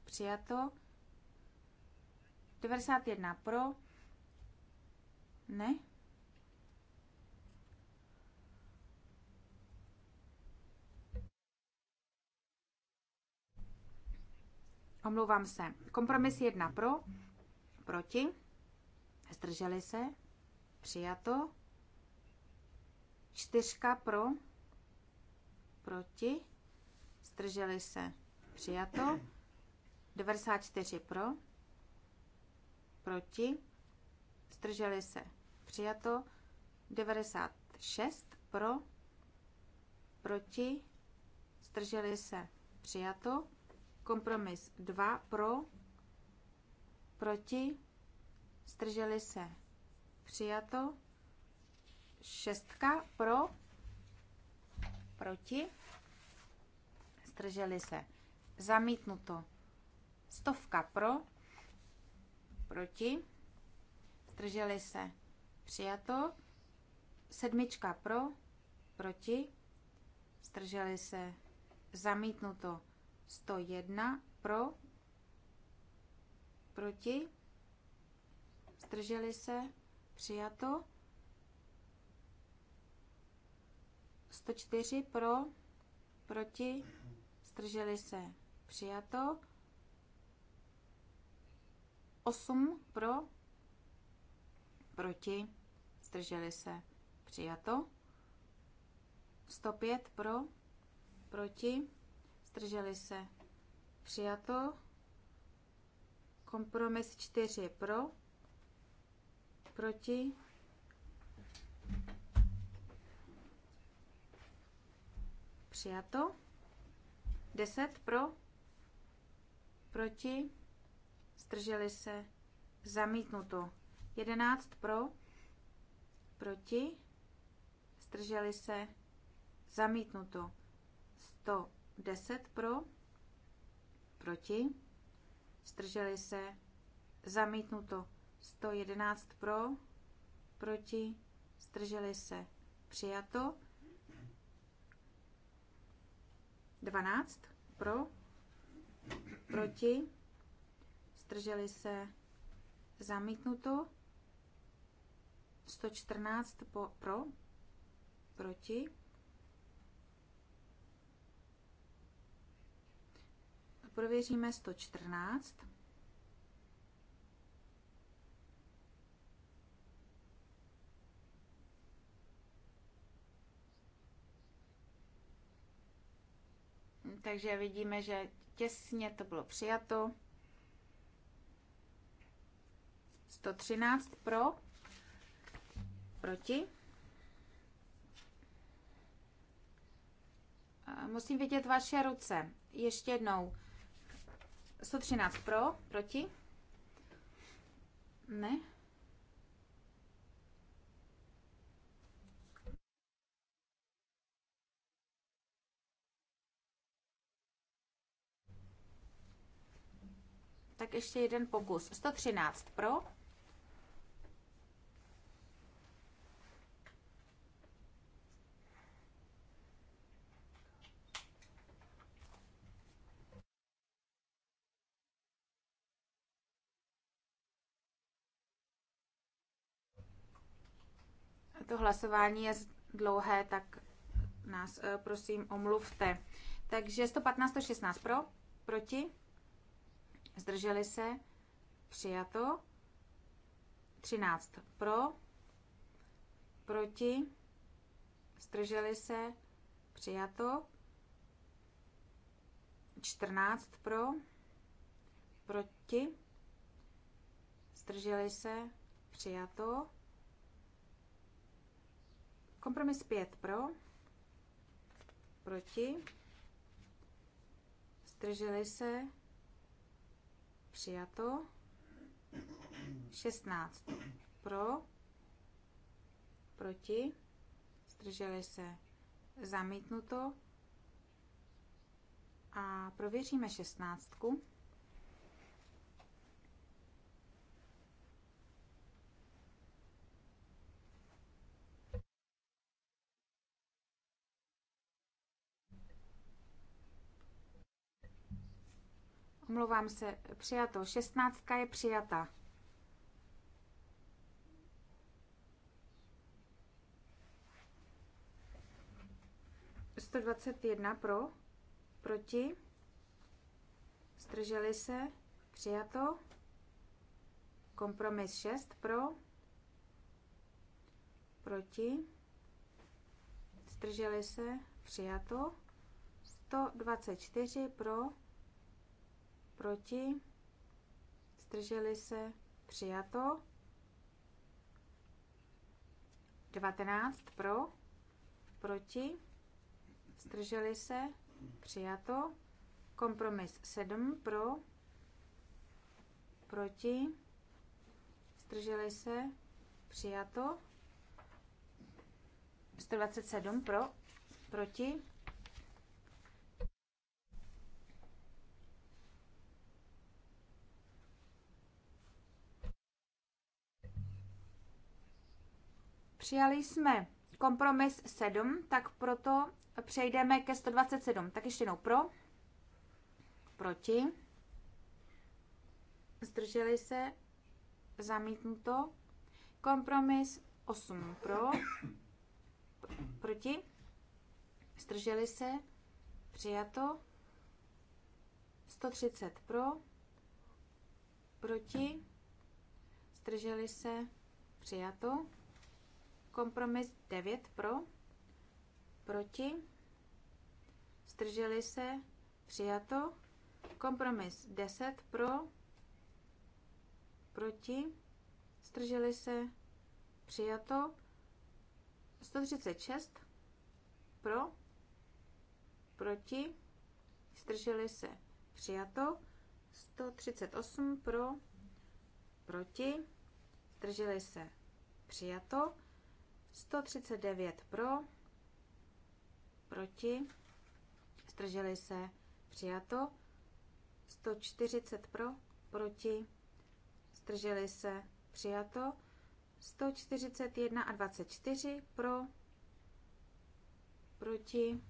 Přijato. 91 pro, ne? Omlouvám se. Kompromis jedna pro, proti, zdrželi se, přijato. Čtyřka pro, proti, zdrželi se, přijato. 94 pro, proti, zdrželi se, přijato 96 pro, proti, zdrželi se, přijato. Kompromis 2 pro, proti, zdrželi se, přijato. Šestka pro, proti, zdrželi se, zamítnuto. Stovka pro, proti, zdrželi se, Přijato. Sedmička pro, proti, zdrželi se, zamítnuto. 101 pro, proti, zdrželi se, přijato. 104 pro, proti, zdrželi se, přijato. 8 pro, proti, zdrželi se, přijato. 105 pro, proti, zdrželi se, přijato. Kompromis 4 pro, proti. Přijato. 10 pro, proti, zdrželi se, zamítnuto. 11 pro, proti, zdrželi se, zamítnuto. 110 pro, proti, zdrželi se, zamítnuto. 111 pro, proti, zdrželi se, přijato. 12 pro, proti, zdrželi se, zamítnuto. 114 po, pro, proti. Prověříme 114. Takže vidíme, že těsně to bylo přijato. 113 pro, proti. Musím vidět vaše ruce. Ještě jednou. 113 pro, proti. Ne. Tak ještě jeden pokus. 113 pro, to hlasování je dlouhé, tak nás eh, prosím omluvte. Takže 115, 116 pro, proti, zdrželi se, přijato, 13 pro, proti, zdrželi se, přijato, 14 pro, proti, zdrželi se, přijato, Kompromis 5 pro, proti, zdrželi se, přijato, 16 pro, proti, zdrželi se, zamítnuto a prověříme šestnáctku. Omlouvám se, přijato. Šestnáctka je přijata. Sto dvacet jedna pro, proti, zdrželi se, přijato. Kompromis šest pro, proti, zdrželi se, přijato. čtyři pro, proti, zdrželi se, přijato. 19 pro, proti, zdrželi se, přijato. Kompromis 7 pro, proti, zdrželi se, přijato. 127 pro, proti, Přijali jsme kompromis 7, tak proto přejdeme ke 127. Tak ještě jednou pro, proti, zdrželi se, zamítnuto, kompromis 8 pro, proti, zdrželi se, přijato, 130 pro, proti, zdrželi se, přijato, Kompromis 9 pro, proti, zdrželi se, přijato. Kompromis 10 pro, proti, zdrželi se, přijato. 136 pro, proti, zdrželi se, přijato. 138 pro, proti, zdrželi se, přijato. 139 pro, proti, zdrželi se, přijato. 140 pro, proti, zdrželi se, přijato. 141 a 24 pro, proti,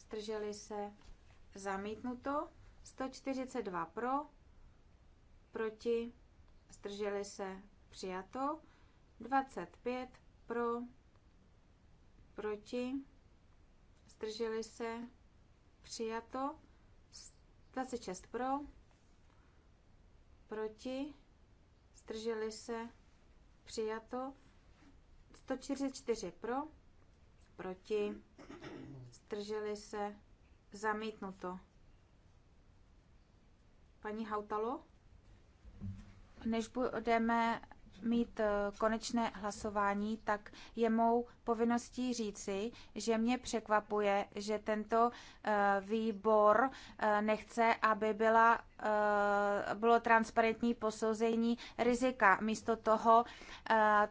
zdrželi se, zamítnuto. 142 pro, proti, zdrželi se, přijato. 25 pro, proti, zdrželi se, přijato, 26 pro, proti, zdrželi se, přijato, 144 pro, proti, zdrželi se, zamítnuto. Paní Hautalo? Než budeme mít eh, konečné hlasování, tak je mou povinností říci, že mě překvapuje, že tento eh, výbor eh, nechce, aby byla, bylo transparentní posouzení rizika. Místo toho,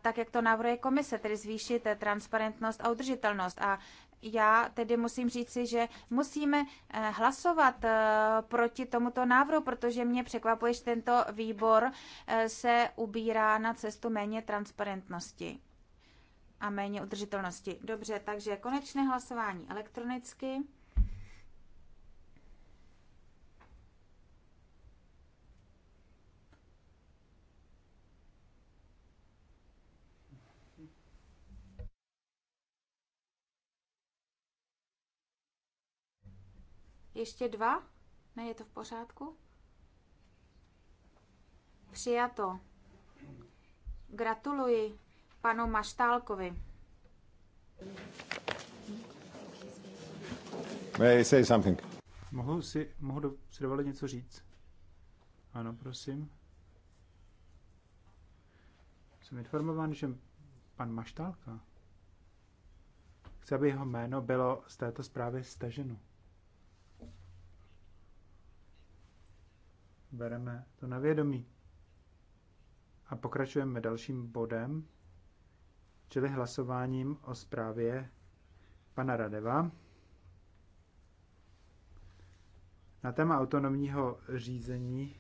tak jak to navrhuje komise, tedy zvýšit transparentnost a udržitelnost. A já tedy musím říci, že musíme eh, hlasovat eh, proti tomuto návrhu, protože mě překvapuje, že tento výbor eh, se ubírá na cestu méně transparentnosti a méně udržitelnosti. Dobře, takže konečné hlasování elektronicky. Ještě dva? Ne, je to v pořádku? Přijato. Gratuluji panu Maštálkovi. May I say something? Mohu si, mohu do, si dovolit něco říct? Ano, prosím. Jsem informován, že pan Maštálka chce, aby jeho jméno bylo z této zprávy staženo. bereme to na vědomí. A pokračujeme dalším bodem, čili hlasováním o zprávě pana Radeva na téma autonomního řízení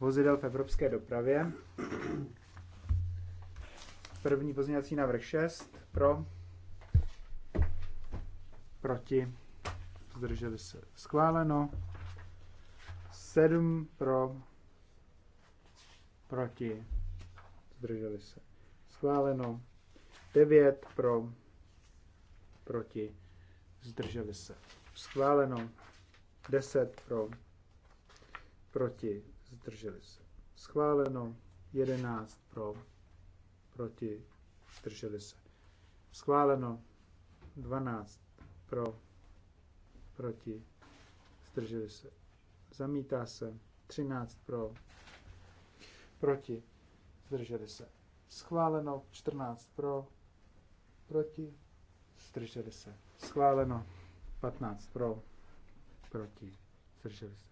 vozidel v evropské dopravě. První pozměňovací návrh 6 pro, proti, zdrželi se schváleno. 7 pro, proti, zdrželi se. Schváleno. 9 pro, proti, zdrželi se. Schváleno. 10 pro, proti, zdrželi se. Schváleno. 11 pro, proti, zdrželi se. Schváleno. 12 pro, proti, zdrželi se zamítá se. 13 pro, proti, zdrželi se. Schváleno, 14 pro, proti, zdrželi se. Schváleno, 15 pro, proti, zdrželi se.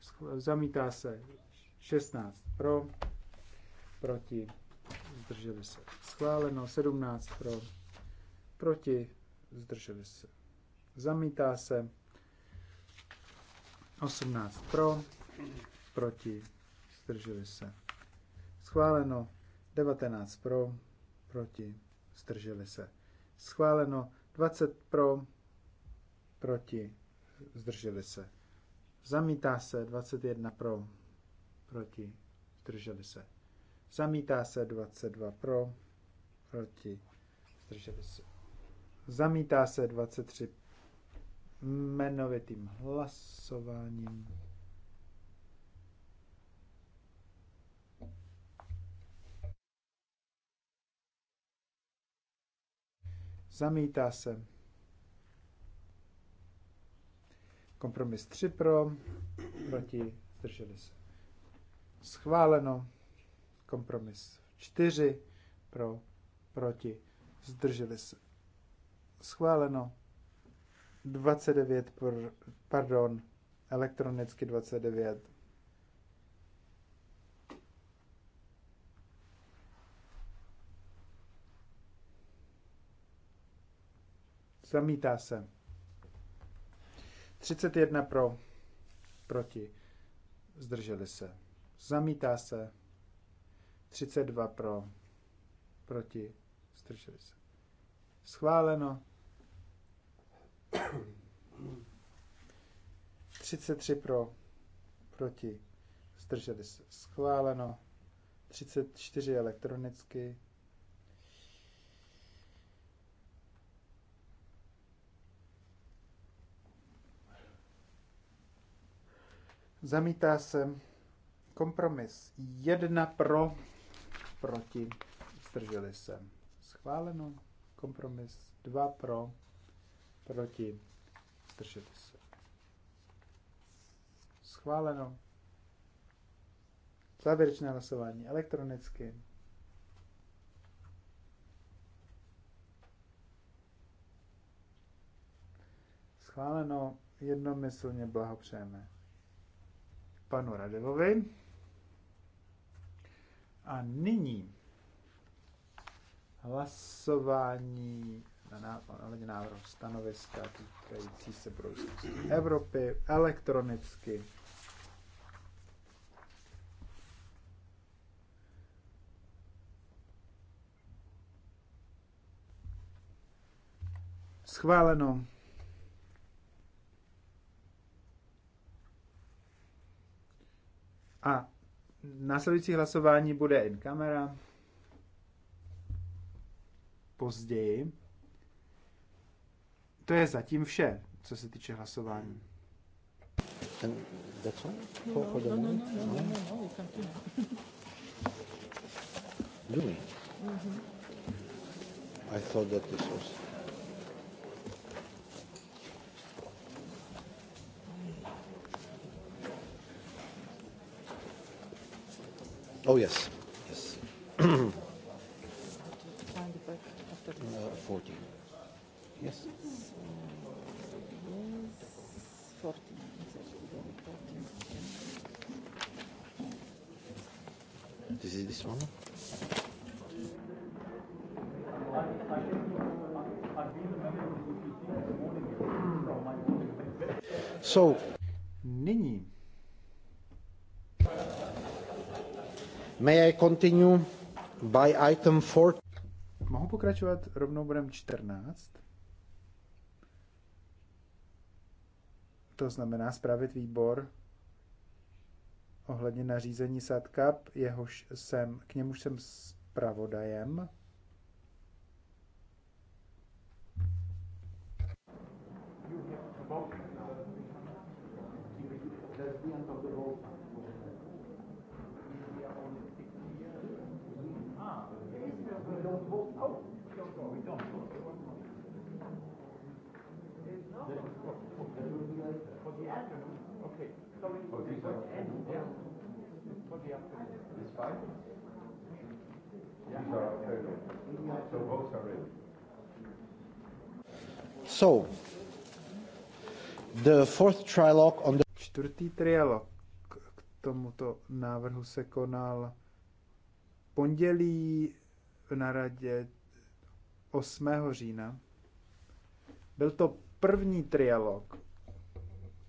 Schváleno, zamítá se, 16 pro, proti, zdrželi se. Schváleno, 17 pro, proti, zdrželi se. Zamítá se, 18 pro, proti, zdrželi se. Schváleno 19 pro, proti, zdrželi se. Schváleno 20 pro, proti, zdrželi se. Zamítá se 21 pro, proti, zdrželi se. Zamítá se 22 pro, proti, zdrželi se. Zamítá se 23 jmenovitým hlasováním. Zamítá se. Kompromis 3 pro, proti, zdrželi se. Schváleno. Kompromis 4 pro, proti, zdrželi se. Schváleno 29, pr, pardon, elektronicky 29. Zamítá se. 31 pro, proti, zdrželi se. Zamítá se. 32 pro, proti, zdrželi se. Schváleno. 33 pro, proti, zdrželi se, schváleno. 34 elektronicky. Zamítá se kompromis 1 pro, proti, zdrželi se. Schváleno. Kompromis 2 pro, proti, zdržete se. Schváleno. Závěrečné hlasování elektronicky. Schváleno jednomyslně blahopřejeme panu Radevovi. A nyní hlasování na návrhu stanoviska týkající se budoucnosti Evropy elektronicky. Schváleno. A následující hlasování bude in camera později. To je zatím vše, co se týče hlasování. Ten, that's all? For, no, the no, no, no, no, no, no, no, no, Oh, yes. Yes. uh, 14. Yes. This is this one? So, nyní. May I continue by item 4? Mohu pokračovat rovnou bodem 14? to znamená spravit výbor ohledně nařízení SATCAP, jehož jsem, k němuž jsem zpravodajem. Thank you. For the afternoon? Okay. So it for these afternoon. end, yeah. For the afternoon. It's fine? Yeah. These are available. So both are ready. So, the fourth trilogue on the... Čtvrtý trialog k tomuto návrhu se konal pondělí na radě 8. října. Byl to první trialog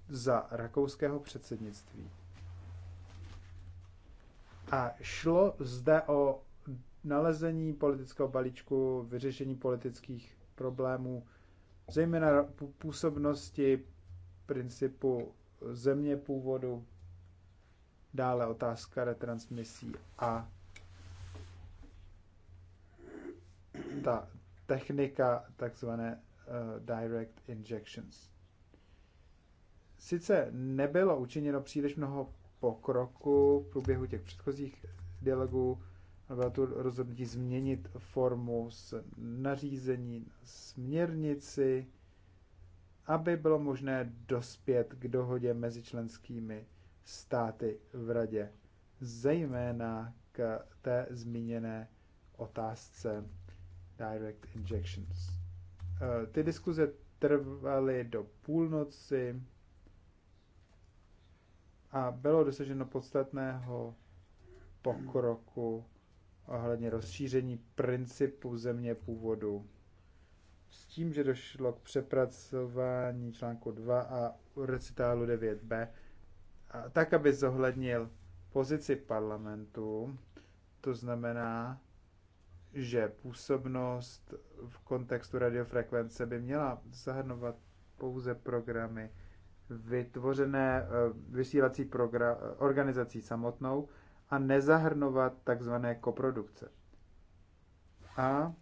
za rakouského předsednictví. A šlo zde o nalezení politického balíčku, vyřešení politických problémů, zejména působnosti principu země původu, dále otázka retransmisí a ta technika takzvané uh, direct injections. Sice nebylo učiněno příliš mnoho pokroku v průběhu těch předchozích dialogů, ale bylo tu rozhodnutí změnit formu z nařízení na směrnici, aby bylo možné dospět k dohodě mezi členskými státy v radě, zejména k té zmíněné otázce direct injections. Eh, ty diskuze trvaly do půlnoci, a bylo dosaženo podstatného pokroku ohledně rozšíření principu země původu s tím, že došlo k přepracování článku 2 a recitálu 9b, a tak, aby zohlednil pozici parlamentu, to znamená, že působnost v kontextu radiofrekvence by měla zahrnovat pouze programy vytvořené eh, vysílací eh, organizací samotnou a nezahrnovat takzvané koprodukce. A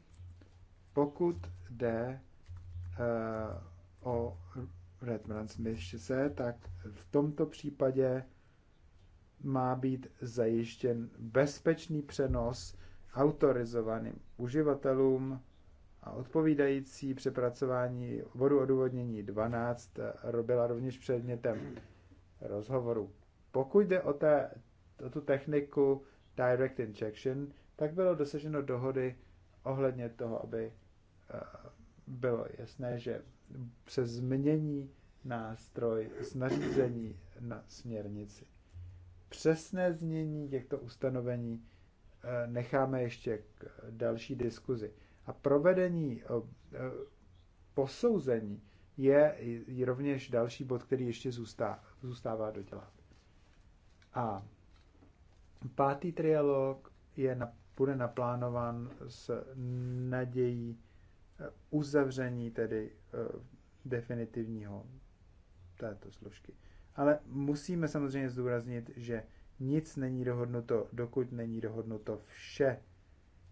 pokud jde eh, o retransmise, tak v tomto případě má být zajištěn bezpečný přenos autorizovaným uživatelům a odpovídající přepracování bodu odůvodnění 12 eh, byla rovněž předmětem rozhovoru. Pokud jde o, té, o tu techniku direct injection, tak bylo dosaženo dohody ohledně toho, aby eh, bylo jasné, že se změní nástroj z nařízení na směrnici. Přesné znění těchto ustanovení eh, necháme ještě k další diskuzi. A provedení eh, eh, posouzení je rovněž další bod, který ještě zůstává, zůstává dodělat. A pátý trialog je na, bude naplánován s nadějí eh, uzavření tedy definitivního této složky. Ale musíme samozřejmě zdůraznit, že nic není dohodnuto, dokud není dohodnuto vše.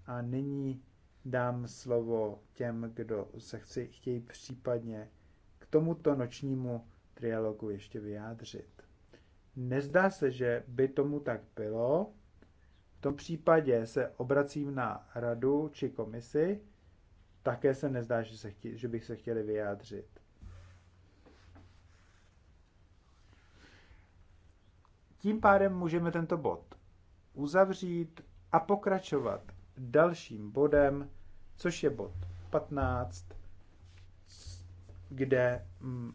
A nyní dám slovo těm, kdo se chci, chtějí případně k tomuto nočnímu trialogu ještě vyjádřit. Nezdá se, že by tomu tak bylo. V tom případě se obracím na radu či komisi. Také se nezdá, že, se chtě, že bych se chtěli vyjádřit. Tím pádem můžeme tento bod uzavřít a pokračovat dalším bodem, což je bod 15, kde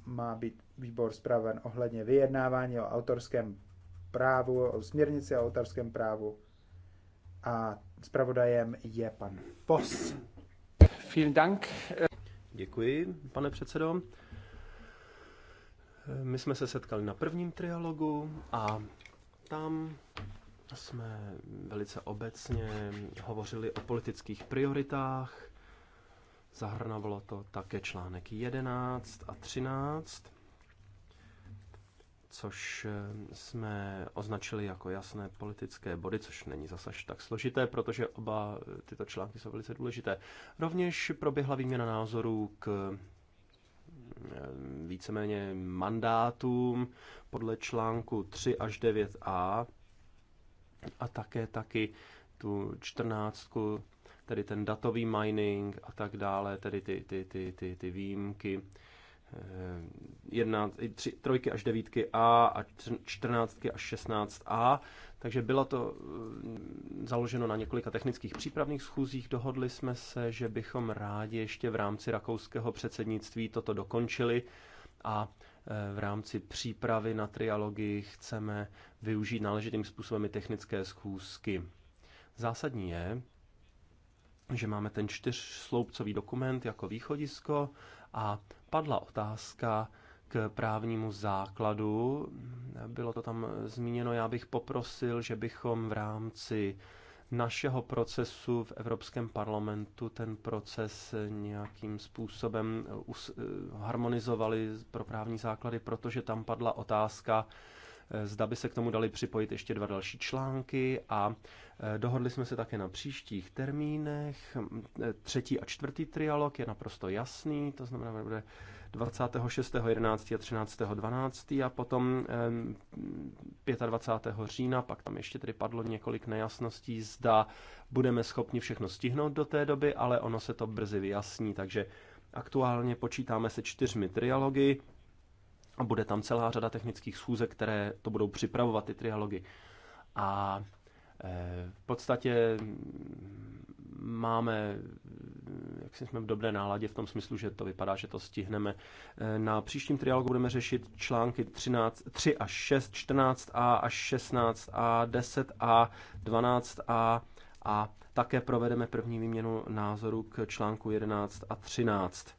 má být výbor zpraven ohledně vyjednávání o autorském právu, o směrnici o autorském právu. A zpravodajem je pan Pos. Vielen Dank. Děkuji, pane předsedo. My jsme se setkali na prvním trialogu a tam jsme velice obecně hovořili o politických prioritách. Zahrnovalo to také článek 11 a 13, což eh, jsme označili jako jasné politické body, což není zase tak složité, protože oba eh, tyto články jsou velice důležité. Rovněž proběhla výměna názorů k eh, víceméně mandátům podle článku 3 až 9a a také taky tu čtrnáctku, tedy ten datový mining a tak dále, tedy ty, ty, ty, ty, ty výjimky, eh, jedna, tři, trojky až devítky A a čtrnáctky až šestnáct A. Takže bylo to eh, založeno na několika technických přípravných schůzích. Dohodli jsme se, že bychom rádi ještě v rámci rakouského předsednictví toto dokončili a v rámci přípravy na trialogy chceme využít náležitým způsobem i technické schůzky. Zásadní je, že máme ten čtyřsloupcový dokument jako východisko a padla otázka k právnímu základu. Bylo to tam zmíněno, já bych poprosil, že bychom v rámci našeho procesu v Evropském parlamentu ten proces nějakým způsobem eh, eh, harmonizovali pro právní základy, protože tam padla otázka, eh, zda by se k tomu dali připojit ještě dva další články a dohodli jsme se také na příštích termínech. Třetí a čtvrtý trialog je naprosto jasný, to znamená, že bude 26.11. a 13.12. a potom 25. října, pak tam ještě tedy padlo několik nejasností, zda budeme schopni všechno stihnout do té doby, ale ono se to brzy vyjasní, takže aktuálně počítáme se čtyřmi trialogy a bude tam celá řada technických schůzek, které to budou připravovat, ty trialogy. A eh, v podstatě máme jak si jsme v dobré náladě v tom smyslu, že to vypadá, že to stihneme. Eh, na příštím triálogu budeme řešit články 13, 3 až 6, 14a až 16a, 10a, 12a a také provedeme první výměnu názoru k článku 11 a 13.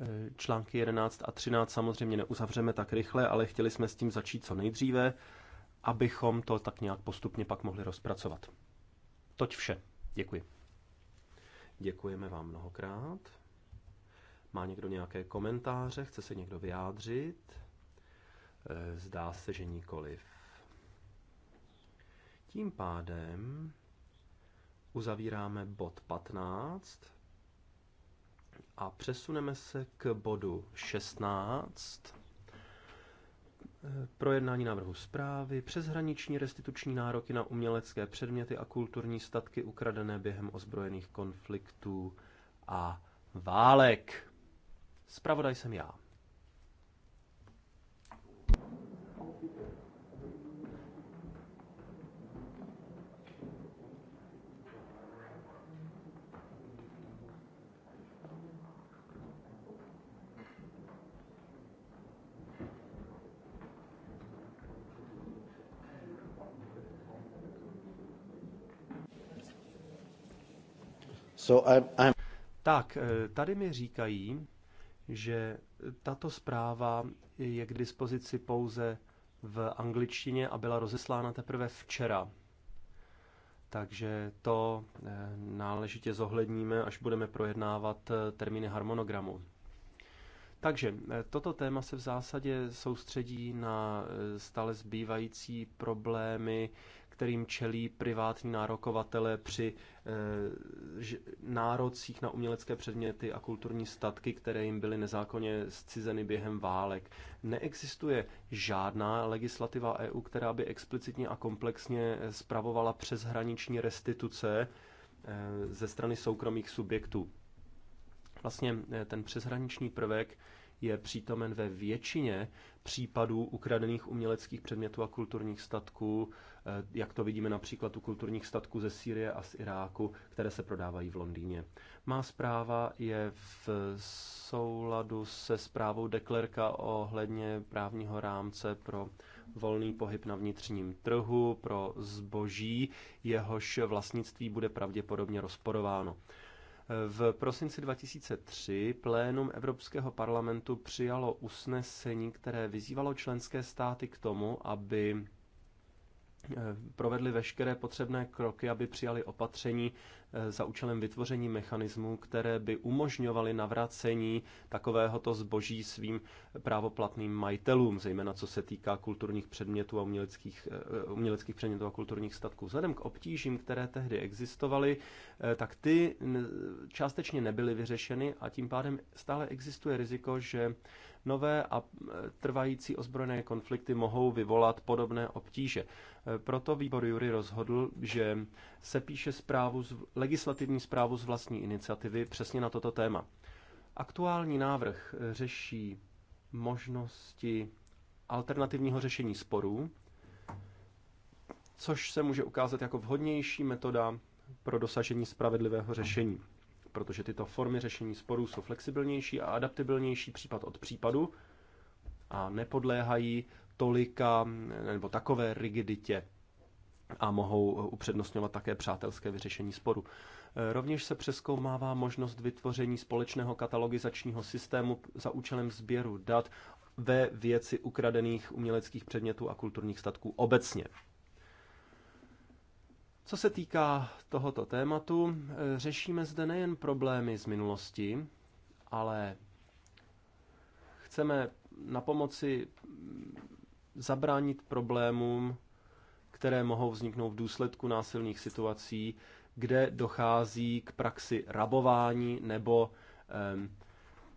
Eh, články 11 a 13 samozřejmě neuzavřeme tak rychle, ale chtěli jsme s tím začít co nejdříve, abychom to tak nějak postupně pak mohli rozpracovat. Toť vše. Děkuji. Děkujeme vám mnohokrát. Má někdo nějaké komentáře? Chce se někdo vyjádřit? Eh, zdá se, že nikoliv. Tím pádem uzavíráme bod 15 a přesuneme se k bodu 16 projednání návrhu zprávy, přeshraniční restituční nároky na umělecké předměty a kulturní statky ukradené během ozbrojených konfliktů a válek. Spravodaj jsem já. So I'm, I'm... Tak, eh, tady mi říkají, že tato zpráva je k dispozici pouze v angličtině a byla rozeslána teprve včera. Takže to eh, náležitě zohledníme, až budeme projednávat eh, termíny harmonogramu. Takže toto téma se v zásadě soustředí na stále zbývající problémy kterým čelí privátní nárokovatele při eh, nárocích na umělecké předměty a kulturní statky, které jim byly nezákonně zcizeny během válek. Neexistuje žádná legislativa EU, která by explicitně a komplexně spravovala přeshraniční restituce eh, ze strany soukromých subjektů. Vlastně eh, ten přeshraniční prvek je přítomen ve většině případů ukradených uměleckých předmětů a kulturních statků, eh, jak to vidíme například u kulturních statků ze Sýrie a z Iráku, které se prodávají v Londýně. Má zpráva je v souladu se zprávou Deklerka ohledně právního rámce pro volný pohyb na vnitřním trhu pro zboží, jehož vlastnictví bude pravděpodobně rozporováno. V prosinci 2003 plénum Evropského parlamentu přijalo usnesení, které vyzývalo členské státy k tomu, aby eh, provedli veškeré potřebné kroky, aby přijali opatření Eh, za účelem vytvoření mechanismů, které by umožňovaly navracení takovéhoto zboží svým právoplatným majitelům, zejména co se týká kulturních předmětů a uměleckých, eh, uměleckých předmětů a kulturních statků. Vzhledem k obtížím, které tehdy existovaly, eh, tak ty částečně nebyly vyřešeny a tím pádem stále existuje riziko, že Nové a e, trvající ozbrojené konflikty mohou vyvolat podobné obtíže. E, proto výbor Jury rozhodl, že se píše zprávu, legislativní zprávu z vlastní iniciativy přesně na toto téma. Aktuální návrh e, řeší možnosti alternativního řešení sporů, což se může ukázat jako vhodnější metoda pro dosažení spravedlivého řešení protože tyto formy řešení sporů jsou flexibilnější a adaptibilnější případ od případu a nepodléhají tolika nebo takové rigiditě a mohou upřednostňovat také přátelské vyřešení sporu. E, rovněž se přeskoumává možnost vytvoření společného katalogizačního systému za účelem sběru dat ve věci ukradených uměleckých předmětů a kulturních statků obecně. Co se týká tohoto tématu, eh, řešíme zde nejen problémy z minulosti, ale chceme na pomoci mm, zabránit problémům, které mohou vzniknout v důsledku násilných situací, kde dochází k praxi rabování nebo eh,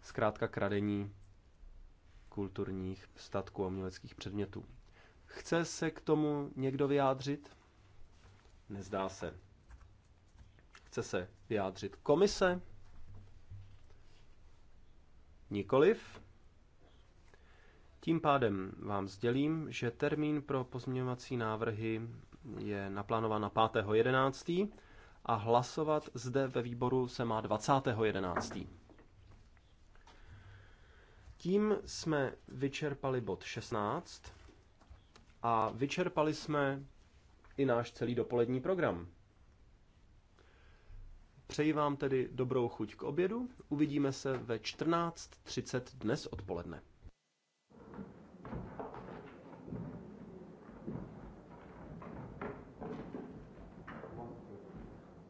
zkrátka kradení kulturních statků a uměleckých předmětů. Chce se k tomu někdo vyjádřit? Nezdá se. Chce se vyjádřit komise? Nikoliv. Tím pádem vám sdělím, že termín pro pozměňovací návrhy je naplánován na 5.11. a hlasovat zde ve výboru se má 20.11. Tím jsme vyčerpali bod 16 a vyčerpali jsme i náš celý dopolední program. Přeji vám tedy dobrou chuť k obědu. Uvidíme se ve 14.30 dnes odpoledne.